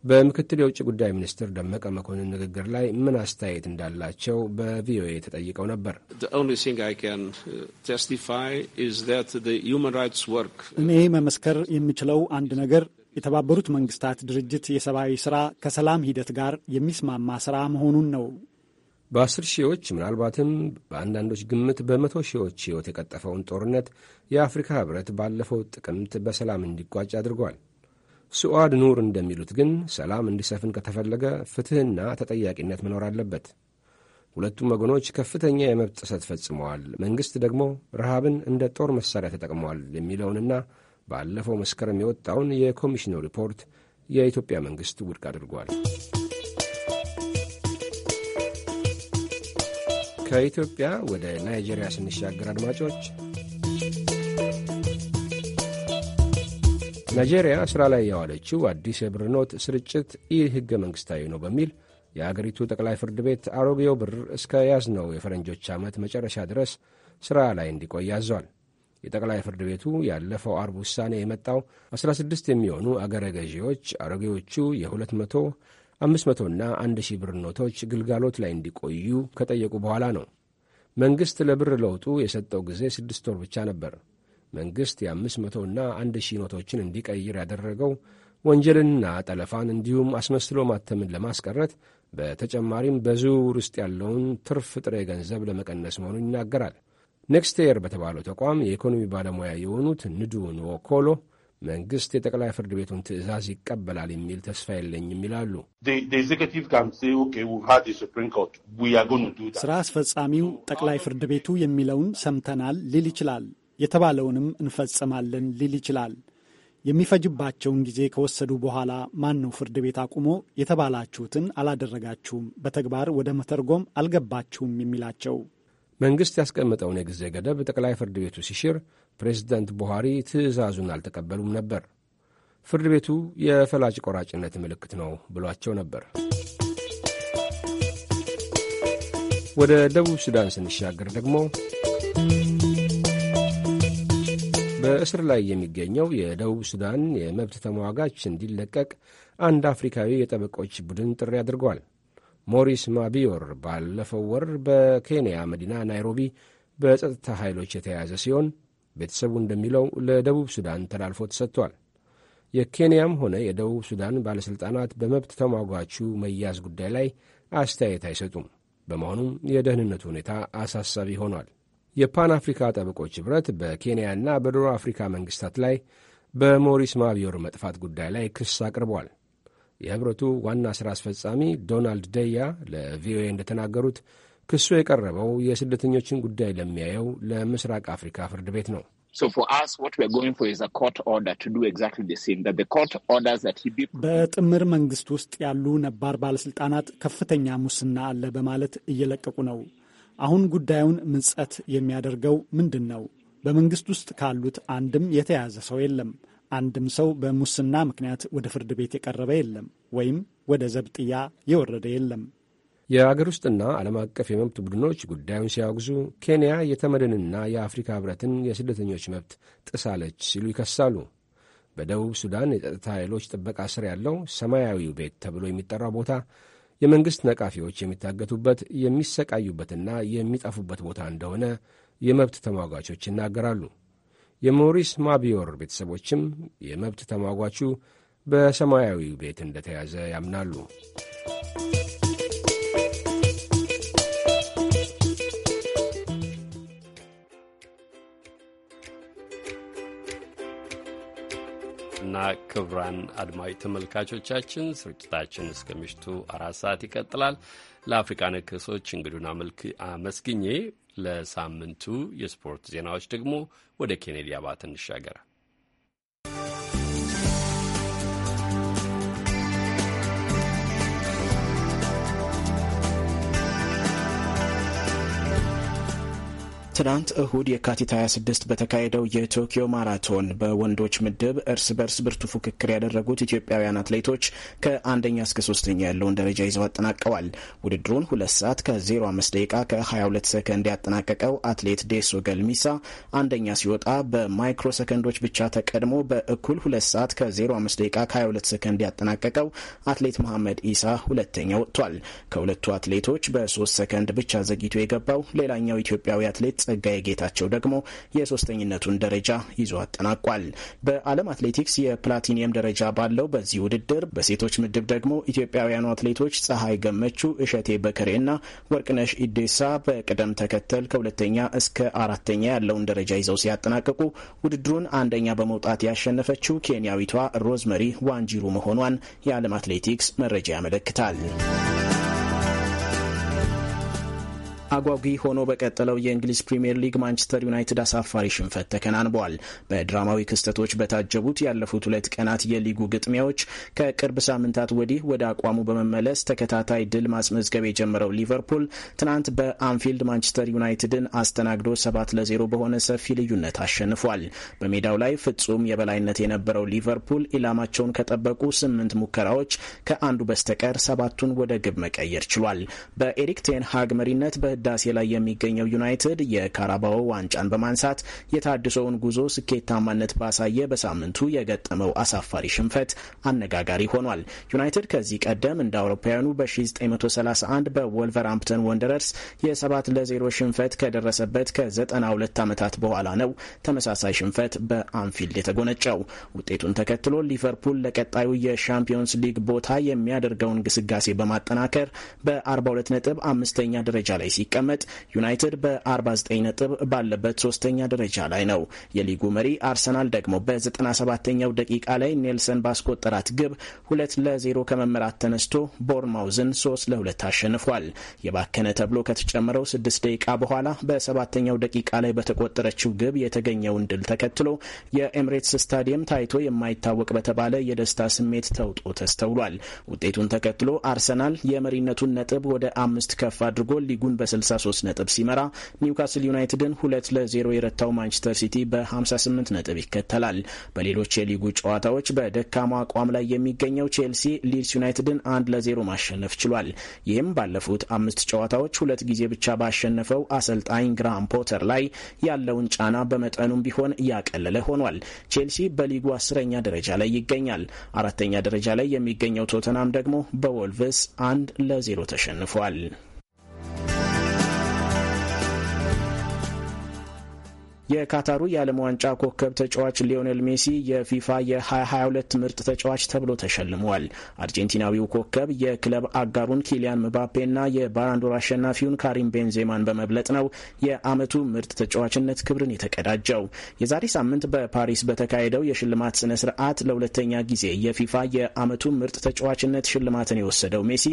በምክትል የውጭ ጉዳይ ሚኒስትር ደመቀ መኮንን ንግግር ላይ ምን አስተያየት እንዳላቸው በቪኦኤ ተጠይቀው ነበር። uh, እኔ መመስከር የምችለው አንድ ነገር የተባበሩት መንግስታት ድርጅት የሰብአዊ ሥራ ከሰላም ሂደት ጋር የሚስማማ ስራ መሆኑን ነው። በአስር ሺዎች ምናልባትም በአንዳንዶች ግምት በመቶ ሺዎች ሕይወት የቀጠፈውን ጦርነት የአፍሪካ ኅብረት ባለፈው ጥቅምት በሰላም እንዲቋጭ አድርጓል። ስዋድ ኑር እንደሚሉት ግን ሰላም እንዲሰፍን ከተፈለገ ፍትሕና ተጠያቂነት መኖር አለበት። ሁለቱም ወገኖች ከፍተኛ የመብት ጥሰት ፈጽመዋል፣ መንግሥት ደግሞ ረሃብን እንደ ጦር መሣሪያ ተጠቅመዋል የሚለውንና ባለፈው መስከረም የወጣውን የኮሚሽኑ ሪፖርት የኢትዮጵያ መንግሥት ውድቅ አድርጓል። ከኢትዮጵያ ወደ ናይጄሪያ ስንሻገር አድማጮች ናይጄሪያ ሥራ ላይ ያዋለችው አዲስ የብር ኖት ስርጭት ኢ ሕገ መንግሥታዊ ነው በሚል የአገሪቱ ጠቅላይ ፍርድ ቤት አሮጌው ብር እስከ ያዝነው የፈረንጆች ዓመት መጨረሻ ድረስ ሥራ ላይ እንዲቆይ አዟል። የጠቅላይ ፍርድ ቤቱ ያለፈው አርብ ውሳኔ የመጣው 16 የሚሆኑ አገረ ገዢዎች አሮጌዎቹ የ200፣ 500 እና 1000 ብር ኖቶች ግልጋሎት ላይ እንዲቆዩ ከጠየቁ በኋላ ነው። መንግሥት ለብር ለውጡ የሰጠው ጊዜ ስድስት ወር ብቻ ነበር። መንግሥት የ500 ና 1000 ኖቶችን እንዲቀይር ያደረገው ወንጀልንና ጠለፋን እንዲሁም አስመስሎ ማተምን ለማስቀረት በተጨማሪም በዝውውር ውስጥ ያለውን ትርፍ ጥሬ ገንዘብ ለመቀነስ መሆኑን ይናገራል። ኔክስቴር በተባለው ተቋም የኢኮኖሚ ባለሙያ የሆኑት ንዱ ኮሎ መንግስት የጠቅላይ ፍርድ ቤቱን ትዕዛዝ ይቀበላል የሚል ተስፋ የለኝም ይላሉ። ስራ አስፈጻሚው ጠቅላይ ፍርድ ቤቱ የሚለውን ሰምተናል ሊል ይችላል። የተባለውንም እንፈጽማለን ሊል ይችላል። የሚፈጅባቸውን ጊዜ ከወሰዱ በኋላ ማን ነው ፍርድ ቤት አቁሞ የተባላችሁትን አላደረጋችሁም፣ በተግባር ወደ መተርጎም አልገባችሁም የሚላቸው? መንግሥት ያስቀመጠውን የጊዜ ገደብ ጠቅላይ ፍርድ ቤቱ ሲሽር ፕሬዚደንት ቡሃሪ ትዕዛዙን አልተቀበሉም ነበር። ፍርድ ቤቱ የፈላጭ ቆራጭነት ምልክት ነው ብሏቸው ነበር። ወደ ደቡብ ሱዳን ስንሻገር ደግሞ በእስር ላይ የሚገኘው የደቡብ ሱዳን የመብት ተሟጋች እንዲለቀቅ አንድ አፍሪካዊ የጠበቆች ቡድን ጥሪ አድርጓል። ሞሪስ ማቢዮር ባለፈው ወር በኬንያ መዲና ናይሮቢ በጸጥታ ኃይሎች የተያዘ ሲሆን ቤተሰቡ እንደሚለው ለደቡብ ሱዳን ተላልፎ ተሰጥቷል። የኬንያም ሆነ የደቡብ ሱዳን ባለሥልጣናት በመብት ተሟጓቹ መያዝ ጉዳይ ላይ አስተያየት አይሰጡም። በመሆኑም የደህንነቱ ሁኔታ አሳሳቢ ሆኗል። የፓን አፍሪካ ጠበቆች ኅብረት በኬንያና በደቡብ አፍሪካ መንግሥታት ላይ በሞሪስ ማቢዮር መጥፋት ጉዳይ ላይ ክስ አቅርቧል። የህብረቱ ዋና ሥራ አስፈጻሚ ዶናልድ ደያ ለቪኦኤ እንደተናገሩት ክሱ የቀረበው የስደተኞችን ጉዳይ ለሚያየው ለምስራቅ አፍሪካ ፍርድ ቤት ነው። በጥምር መንግስት ውስጥ ያሉ ነባር ባለስልጣናት ከፍተኛ ሙስና አለ በማለት እየለቀቁ ነው። አሁን ጉዳዩን ምጸት የሚያደርገው ምንድን ነው? በመንግስት ውስጥ ካሉት አንድም የተያዘ ሰው የለም። አንድም ሰው በሙስና ምክንያት ወደ ፍርድ ቤት የቀረበ የለም ወይም ወደ ዘብጥያ የወረደ የለም። የአገር ውስጥና ዓለም አቀፍ የመብት ቡድኖች ጉዳዩን ሲያወግዙ ኬንያ የተመድንና የአፍሪካ ህብረትን የስደተኞች መብት ጥሳለች ሲሉ ይከሳሉ። በደቡብ ሱዳን የጸጥታ ኃይሎች ጥበቃ ስር ያለው ሰማያዊው ቤት ተብሎ የሚጠራው ቦታ የመንግሥት ነቃፊዎች የሚታገቱበት የሚሰቃዩበትና የሚጠፉበት ቦታ እንደሆነ የመብት ተሟጋቾች ይናገራሉ። የሞሪስ ማቢዮር ቤተሰቦችም የመብት ተሟጓቹ በሰማያዊ ቤት እንደተያዘ ያምናሉ። እና ክቡራን አድማጭ ተመልካቾቻችን ስርጭታችን እስከ ምሽቱ አራት ሰዓት ይቀጥላል። ለአፍሪቃ ነክሶች እንግዱን አመስግኜ ለሳምንቱ የስፖርት ዜናዎች ደግሞ ወደ ኬኔዲ አባት እንሻገር። ትናንት እሁድ የካቲት 26 በተካሄደው የቶኪዮ ማራቶን በወንዶች ምድብ እርስ በርስ ብርቱ ፉክክር ያደረጉት ኢትዮጵያውያን አትሌቶች ከአንደኛ እስከ ሶስተኛ ያለውን ደረጃ ይዘው አጠናቀዋል። ውድድሩን ሁለት ሰዓት ከ05 ደቂቃ ከ22 ሰከንድ ያጠናቀቀው አትሌት ዴሶ ገልሚሳ አንደኛ ሲወጣ በማይክሮ ሰከንዶች ብቻ ተቀድሞ በእኩል ሁለት ሰዓት ከ05 ደቂቃ ከ22 ሰከንድ ያጠናቀቀው አትሌት መሐመድ ኢሳ ሁለተኛ ወጥቷል። ከሁለቱ አትሌቶች በሶስት ሰከንድ ብቻ ዘግይቶ የገባው ሌላኛው ኢትዮጵያዊ አትሌት ጸጋዬ ጌታቸው ደግሞ የሶስተኝነቱን ደረጃ ይዞ አጠናቋል። በዓለም አትሌቲክስ የፕላቲኒየም ደረጃ ባለው በዚህ ውድድር በሴቶች ምድብ ደግሞ ኢትዮጵያውያኑ አትሌቶች ፀሐይ ገመቹ፣ እሸቴ በከሬ እና ወርቅነሽ ኢዴሳ በቅደም ተከተል ከሁለተኛ እስከ አራተኛ ያለውን ደረጃ ይዘው ሲያጠናቅቁ ውድድሩን አንደኛ በመውጣት ያሸነፈችው ኬንያዊቷ ሮዝመሪ ዋንጂሩ መሆኗን የዓለም አትሌቲክስ መረጃ ያመለክታል። አጓጊ ሆኖ በቀጠለው የእንግሊዝ ፕሪምየር ሊግ ማንቸስተር ዩናይትድ አሳፋሪ ሽንፈት ተከናንበዋል። በድራማዊ ክስተቶች በታጀቡት ያለፉት ሁለት ቀናት የሊጉ ግጥሚያዎች ከቅርብ ሳምንታት ወዲህ ወደ አቋሙ በመመለስ ተከታታይ ድል ማስመዝገብ የጀመረው ሊቨርፑል ትናንት በአንፊልድ ማንቸስተር ዩናይትድን አስተናግዶ ሰባት ለዜሮ በሆነ ሰፊ ልዩነት አሸንፏል። በሜዳው ላይ ፍጹም የበላይነት የነበረው ሊቨርፑል ኢላማቸውን ከጠበቁ ስምንት ሙከራዎች ከአንዱ በስተቀር ሰባቱን ወደ ግብ መቀየር ችሏል። በኤሪክ ቴን ሃግ መሪነት በህዳ ህዳሴ ላይ የሚገኘው ዩናይትድ የካራባኦ ዋንጫን በማንሳት የታድሶውን ጉዞ ስኬታማነት ባሳየ በሳምንቱ የገጠመው አሳፋሪ ሽንፈት አነጋጋሪ ሆኗል። ዩናይትድ ከዚህ ቀደም እንደ አውሮፓውያኑ በ1931 በወልቨርሃምፕተን ወንደረርስ የ7 ለ0 ሽንፈት ከደረሰበት ከ92 ዓመታት በኋላ ነው ተመሳሳይ ሽንፈት በአንፊልድ የተጎነጨው። ውጤቱን ተከትሎ ሊቨርፑል ለቀጣዩ የሻምፒዮንስ ሊግ ቦታ የሚያደርገውን ግስጋሴ በማጠናከር በ42 ነጥብ አምስተኛ ደረጃ ላይ ሲቀ ሲቀመጥ ዩናይትድ በ49 ነጥብ ባለበት ሶስተኛ ደረጃ ላይ ነው። የሊጉ መሪ አርሰናል ደግሞ በ97ኛው ደቂቃ ላይ ኔልሰን ባስቆጠራት ግብ ሁለት ለዜሮ ከመመራት ተነስቶ ቦርማውዝን ሶስት ለሁለት አሸንፏል። የባከነ ተብሎ ከተጨመረው ስድስት ደቂቃ በኋላ በሰባተኛው ደቂቃ ላይ በተቆጠረችው ግብ የተገኘውን ድል ተከትሎ የኤምሬትስ ስታዲየም ታይቶ የማይታወቅ በተባለ የደስታ ስሜት ተውጦ ተስተውሏል። ውጤቱን ተከትሎ አርሰናል የመሪነቱን ነጥብ ወደ አምስት ከፍ አድርጎ ሊጉን በስልሳ በ63 ነጥብ ሲመራ ኒውካስል ዩናይትድን ሁለት ለዜሮ የረታው ማንቸስተር ሲቲ በ58 ነጥብ ይከተላል። በሌሎች የሊጉ ጨዋታዎች በደካማ አቋም ላይ የሚገኘው ቼልሲ ሊድስ ዩናይትድን አንድ ለዜሮ ማሸነፍ ችሏል። ይህም ባለፉት አምስት ጨዋታዎች ሁለት ጊዜ ብቻ ባሸነፈው አሰልጣኝ ግራም ፖተር ላይ ያለውን ጫና በመጠኑም ቢሆን ያቀለለ ሆኗል። ቼልሲ በሊጉ አስረኛ ደረጃ ላይ ይገኛል። አራተኛ ደረጃ ላይ የሚገኘው ቶተናም ደግሞ በወልቭስ አንድ ለዜሮ ተሸንፏል። የካታሩ የዓለም ዋንጫ ኮከብ ተጫዋች ሊዮኔል ሜሲ የፊፋ የ2022 ምርጥ ተጫዋች ተብሎ ተሸልሟል። አርጀንቲናዊው ኮከብ የክለብ አጋሩን ኪሊያን ምባፔና የባላንዶር አሸናፊውን ካሪም ቤንዜማን በመብለጥ ነው የዓመቱ ምርጥ ተጫዋችነት ክብርን የተቀዳጀው። የዛሬ ሳምንት በፓሪስ በተካሄደው የሽልማት ስነ ስርዓት ለሁለተኛ ጊዜ የፊፋ የአመቱ ምርጥ ተጫዋችነት ሽልማትን የወሰደው ሜሲ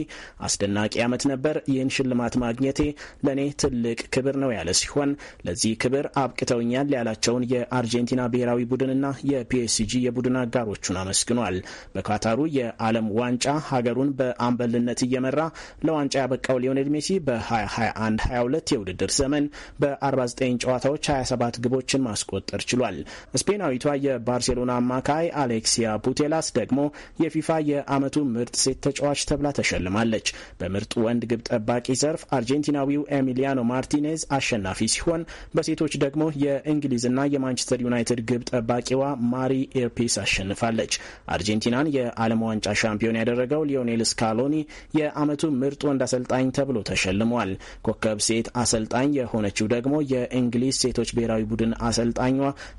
አስደናቂ ዓመት ነበር፣ ይህን ሽልማት ማግኘቴ ለእኔ ትልቅ ክብር ነው ያለ ሲሆን ለዚህ ክብር አብቅተው አድርገውኛል ያላቸውን የአርጀንቲና ብሔራዊ ቡድንና የፒኤስጂ የቡድን አጋሮቹን አመስግኗል። በካታሩ የዓለም ዋንጫ ሀገሩን በአምበልነት እየመራ ለዋንጫ ያበቃው ሊዮኔል ሜሲ በ2021/22 የውድድር ዘመን በ49 ጨዋታዎች 27 ግቦችን ማስቆጠር ችሏል። ስፔናዊቷ የባርሴሎና አማካይ አሌክሲያ ፑቴላስ ደግሞ የፊፋ የዓመቱ ምርጥ ሴት ተጫዋች ተብላ ተሸልማለች። በምርጡ ወንድ ግብ ጠባቂ ዘርፍ አርጀንቲናዊው ኤሚሊያኖ ማርቲኔዝ አሸናፊ ሲሆን በሴቶች ደግሞ የ የእንግሊዝና የማንቸስተር ዩናይትድ ግብ ጠባቂዋ ማሪ ኤርፔስ አሸንፋለች። አርጀንቲናን የዓለም ዋንጫ ሻምፒዮን ያደረገው ሊዮኔል ስካሎኒ የዓመቱ ምርጥ ወንድ አሰልጣኝ ተብሎ ተሸልሟል። ኮከብ ሴት አሰልጣኝ የሆነችው ደግሞ የእንግሊዝ ሴቶች ብሔራዊ ቡድን አሰልጣኟ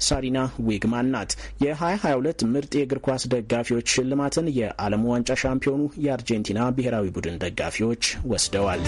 ሳሪና ዊግማን ናት። የ2022 ምርጥ የእግር ኳስ ደጋፊዎች ሽልማትን የዓለም ዋንጫ ሻምፒዮኑ የአርጀንቲና ብሔራዊ ቡድን ደጋፊዎች ወስደዋል።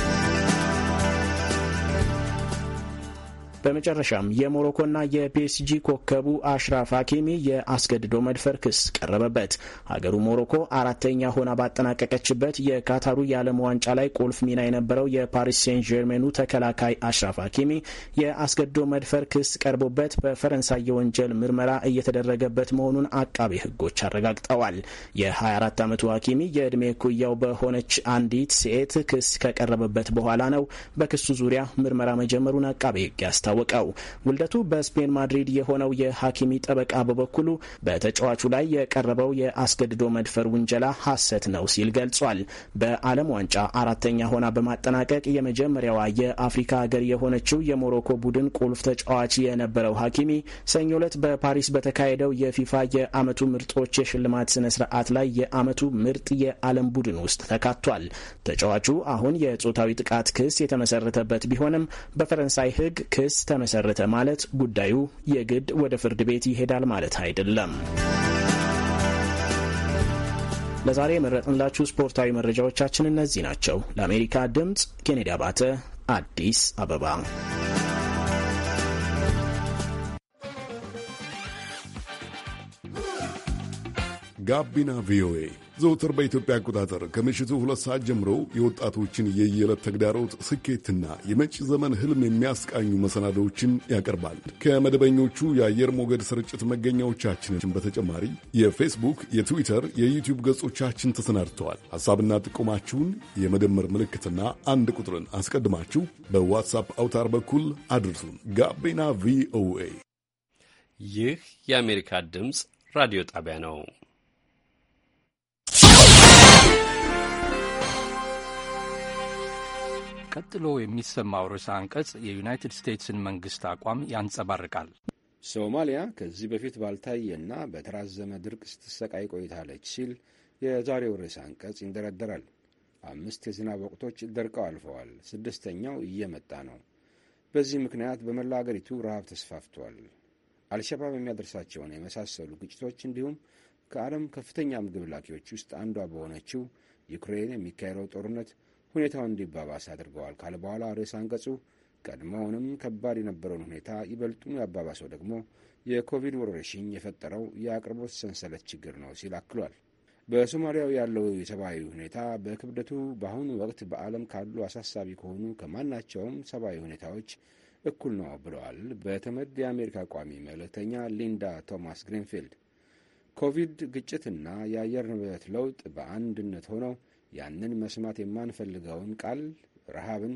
በመጨረሻም የሞሮኮና የፒኤስጂ ኮከቡ አሽራፍ ሀኪሚ የአስገድዶ መድፈር ክስ ቀረበበት። ሀገሩ ሞሮኮ አራተኛ ሆና ባጠናቀቀችበት የካታሩ የዓለም ዋንጫ ላይ ቁልፍ ሚና የነበረው የፓሪስ ሴን ጀርሜኑ ተከላካይ አሽራፍ ሀኪሚ የአስገድዶ መድፈር ክስ ቀርቦበት በፈረንሳይ የወንጀል ምርመራ እየተደረገበት መሆኑን አቃቤ ሕጎች አረጋግጠዋል። የ24 ዓመቱ ሀኪሚ የዕድሜ ኩያው በሆነች አንዲት ሴት ክስ ከቀረበበት በኋላ ነው በክሱ ዙሪያ ምርመራ መጀመሩን አቃቤ ሕግ ያስታው ያስታወቀው። ውልደቱ በስፔን ማድሪድ የሆነው የሐኪሚ ጠበቃ በበኩሉ በተጫዋቹ ላይ የቀረበው የአስገድዶ መድፈር ውንጀላ ሐሰት ነው ሲል ገልጿል። በዓለም ዋንጫ አራተኛ ሆና በማጠናቀቅ የመጀመሪያዋ የአፍሪካ ሀገር የሆነችው የሞሮኮ ቡድን ቁልፍ ተጫዋች የነበረው ሐኪሚ ሰኞ ዕለት በፓሪስ በተካሄደው የፊፋ የዓመቱ ምርጦች የሽልማት ስነ ስርዓት ላይ የዓመቱ ምርጥ የዓለም ቡድን ውስጥ ተካቷል። ተጫዋቹ አሁን የጾታዊ ጥቃት ክስ የተመሰረተበት ቢሆንም በፈረንሳይ ሕግ ክስ ክስ ተመሰረተ ማለት ጉዳዩ የግድ ወደ ፍርድ ቤት ይሄዳል ማለት አይደለም። ለዛሬ የመረጥንላችሁ ስፖርታዊ መረጃዎቻችን እነዚህ ናቸው። ለአሜሪካ ድምፅ ኬኔዲ አባተ፣ አዲስ አበባ ጋቢና ቪኦኤ ዘውትር በኢትዮጵያ አቆጣጠር ከምሽቱ ሁለት ሰዓት ጀምሮ የወጣቶችን የየዕለት ተግዳሮት ስኬትና የመጪ ዘመን ህልም የሚያስቃኙ መሰናዶዎችን ያቀርባል። ከመደበኞቹ የአየር ሞገድ ስርጭት መገኛዎቻችንን በተጨማሪ የፌስቡክ፣ የትዊተር፣ የዩቲዩብ ገጾቻችን ተሰናድተዋል። ሐሳብና ጥቆማችሁን የመደመር ምልክትና አንድ ቁጥርን አስቀድማችሁ በዋትሳፕ አውታር በኩል አድርሱን። ጋቢና ቪኦኤ ይህ የአሜሪካ ድምፅ ራዲዮ ጣቢያ ነው። ቀጥሎ የሚሰማው ርዕሰ አንቀጽ የዩናይትድ ስቴትስን መንግስት አቋም ያንጸባርቃል። ሶማሊያ ከዚህ በፊት ባልታየና በተራዘመ ድርቅ ስትሰቃይ ቆይታለች ሲል የዛሬው ርዕሰ አንቀጽ ይንደረደራል። አምስት የዝናብ ወቅቶች ደርቀው አልፈዋል። ስድስተኛው እየመጣ ነው። በዚህ ምክንያት በመላ አገሪቱ ረሃብ ተስፋፍቷል። አልሸባብ የሚያደርሳቸውን የመሳሰሉ ግጭቶች እንዲሁም ከዓለም ከፍተኛ ምግብ ላኪዎች ውስጥ አንዷ በሆነችው ዩክሬን የሚካሄደው ጦርነት ሁኔታው እንዲባባስ አድርገዋል ካለ በኋላ ርዕስ አንቀጹ ቀድሞውንም ከባድ የነበረውን ሁኔታ ይበልጡን ያባባሰው ደግሞ የኮቪድ ወረርሽኝ የፈጠረው የአቅርቦት ሰንሰለት ችግር ነው ሲል አክሏል። በሶማሊያው ያለው የሰብአዊ ሁኔታ በክብደቱ በአሁኑ ወቅት በዓለም ካሉ አሳሳቢ ከሆኑ ከማናቸውም ሰብአዊ ሁኔታዎች እኩል ነው ብለዋል በተመድ የአሜሪካ ቋሚ መልእክተኛ ሊንዳ ቶማስ ግሪንፊልድ። ኮቪድ፣ ግጭትና የአየር ንብረት ለውጥ በአንድነት ሆነው ያንን መስማት የማንፈልገውን ቃል ረሃብን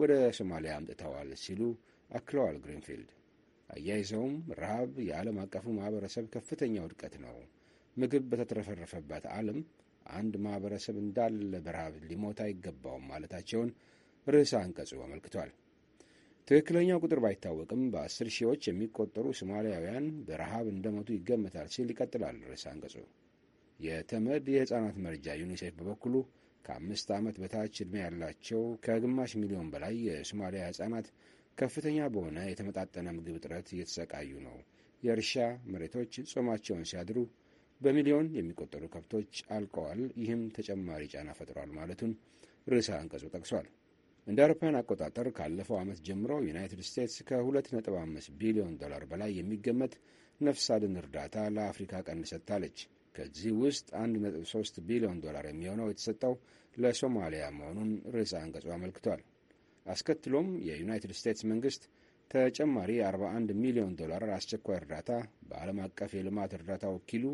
ወደ ሶማሊያ አምጥተዋል ሲሉ አክለዋል ግሪንፊልድ። አያይዘውም ረሃብ የዓለም አቀፉ ማኅበረሰብ ከፍተኛ ውድቀት ነው። ምግብ በተትረፈረፈበት ዓለም አንድ ማኅበረሰብ እንዳለ በረሃብ ሊሞት አይገባውም ማለታቸውን ርዕሰ አንቀጹ አመልክቷል። ትክክለኛው ቁጥር ባይታወቅም በአስር ሺዎች የሚቆጠሩ ሶማሊያውያን በረሃብ እንደሞቱ ይገመታል ሲል ይቀጥላል ርዕሰ አንቀጹ። የተመድ የህፃናት መርጃ ዩኒሴፍ በበኩሉ ከአምስት ዓመት በታች ዕድሜ ያላቸው ከግማሽ ሚሊዮን በላይ የሶማሊያ ህፃናት ከፍተኛ በሆነ የተመጣጠነ ምግብ እጥረት እየተሰቃዩ ነው። የእርሻ መሬቶች ጾማቸውን ሲያድሩ በሚሊዮን የሚቆጠሩ ከብቶች አልቀዋል። ይህም ተጨማሪ ጫና ፈጥሯል ማለቱን ርዕሰ አንቀጹ ጠቅሷል። እንደ አውሮፓውያን አቆጣጠር ካለፈው ዓመት ጀምሮ ዩናይትድ ስቴትስ ከ2.5 ቢሊዮን ዶላር በላይ የሚገመት ነፍስ አድን እርዳታ ለአፍሪካ ቀንድ ሰጥታለች። ከዚህ ውስጥ 1.3 ቢሊዮን ዶላር የሚሆነው የተሰጠው ለሶማሊያ መሆኑን ርዕሰ አንቀጹ አመልክቷል። አስከትሎም የዩናይትድ ስቴትስ መንግስት ተጨማሪ 41 ሚሊዮን ዶላር አስቸኳይ እርዳታ በዓለም አቀፍ የልማት እርዳታ ወኪሉ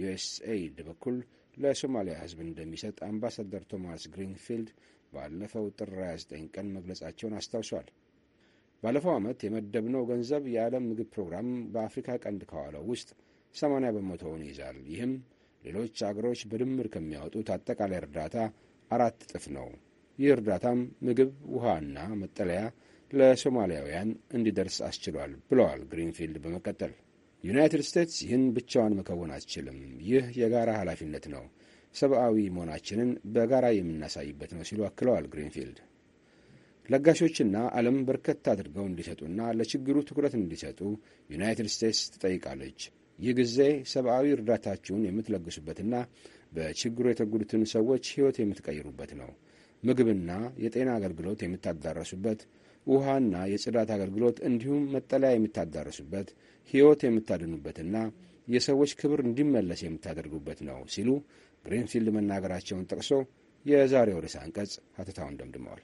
ዩኤስኤይድ በኩል ለሶማሊያ ሕዝብ እንደሚሰጥ አምባሳደር ቶማስ ግሪንፊልድ ባለፈው ጥር 29 ቀን መግለጻቸውን አስታውሷል። ባለፈው ዓመት የመደብነው ገንዘብ የዓለም ምግብ ፕሮግራም በአፍሪካ ቀንድ ከዋለው ውስጥ 80 በመቶውን ይይዛል። ይህም ሌሎች አገሮች በድምር ከሚያወጡት አጠቃላይ እርዳታ አራት እጥፍ ነው። ይህ እርዳታም ምግብ፣ ውሃና መጠለያ ለሶማሊያውያን እንዲደርስ አስችሏል ብለዋል ግሪንፊልድ በመቀጠል ዩናይትድ ስቴትስ ይህን ብቻዋን መከወን አትችልም። ይህ የጋራ ኃላፊነት ነው። ሰብአዊ መሆናችንን በጋራ የምናሳይበት ነው ሲሉ አክለዋል ግሪንፊልድ። ለጋሾችና ዓለም በርከት አድርገው እንዲሰጡና ለችግሩ ትኩረት እንዲሰጡ ዩናይትድ ስቴትስ ትጠይቃለች። ይህ ጊዜ ሰብአዊ እርዳታችሁን የምትለግሱበትና በችግሩ የተጎዱትን ሰዎች ሕይወት የምትቀይሩበት ነው። ምግብና የጤና አገልግሎት የምታዳረሱበት፣ ውሃና የጽዳት አገልግሎት እንዲሁም መጠለያ የምታዳረሱበት፣ ሕይወት የምታድኑበትና የሰዎች ክብር እንዲመለስ የምታደርጉበት ነው ሲሉ ግሪንፊልድ መናገራቸውን ጠቅሶ የዛሬው ርዕሰ አንቀጽ ሀተታውን ደምድመዋል።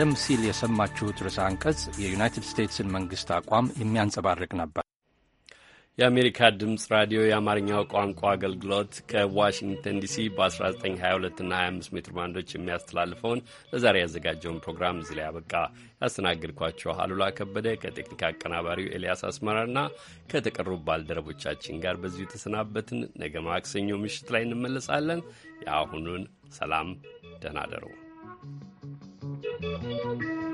ቀደም ሲል የሰማችሁት ርዕሰ አንቀጽ የዩናይትድ ስቴትስን መንግሥት አቋም የሚያንጸባርቅ ነበር። የአሜሪካ ድምፅ ራዲዮ የአማርኛው ቋንቋ አገልግሎት ከዋሽንግተን ዲሲ በ1922 እና 25 ሜትር ባንዶች የሚያስተላልፈውን ለዛሬ ያዘጋጀውን ፕሮግራም እዚህ ላይ አበቃ። ያስተናግድኳቸው አሉላ ከበደ ከቴክኒክ አቀናባሪው ኤልያስ አስመራና ከተቀሩ ባልደረቦቻችን ጋር በዚሁ የተሰናበትን። ነገ ማክሰኞ ምሽት ላይ እንመለሳለን። የአሁኑን ሰላም፣ ደህና ደሩ። Thank you.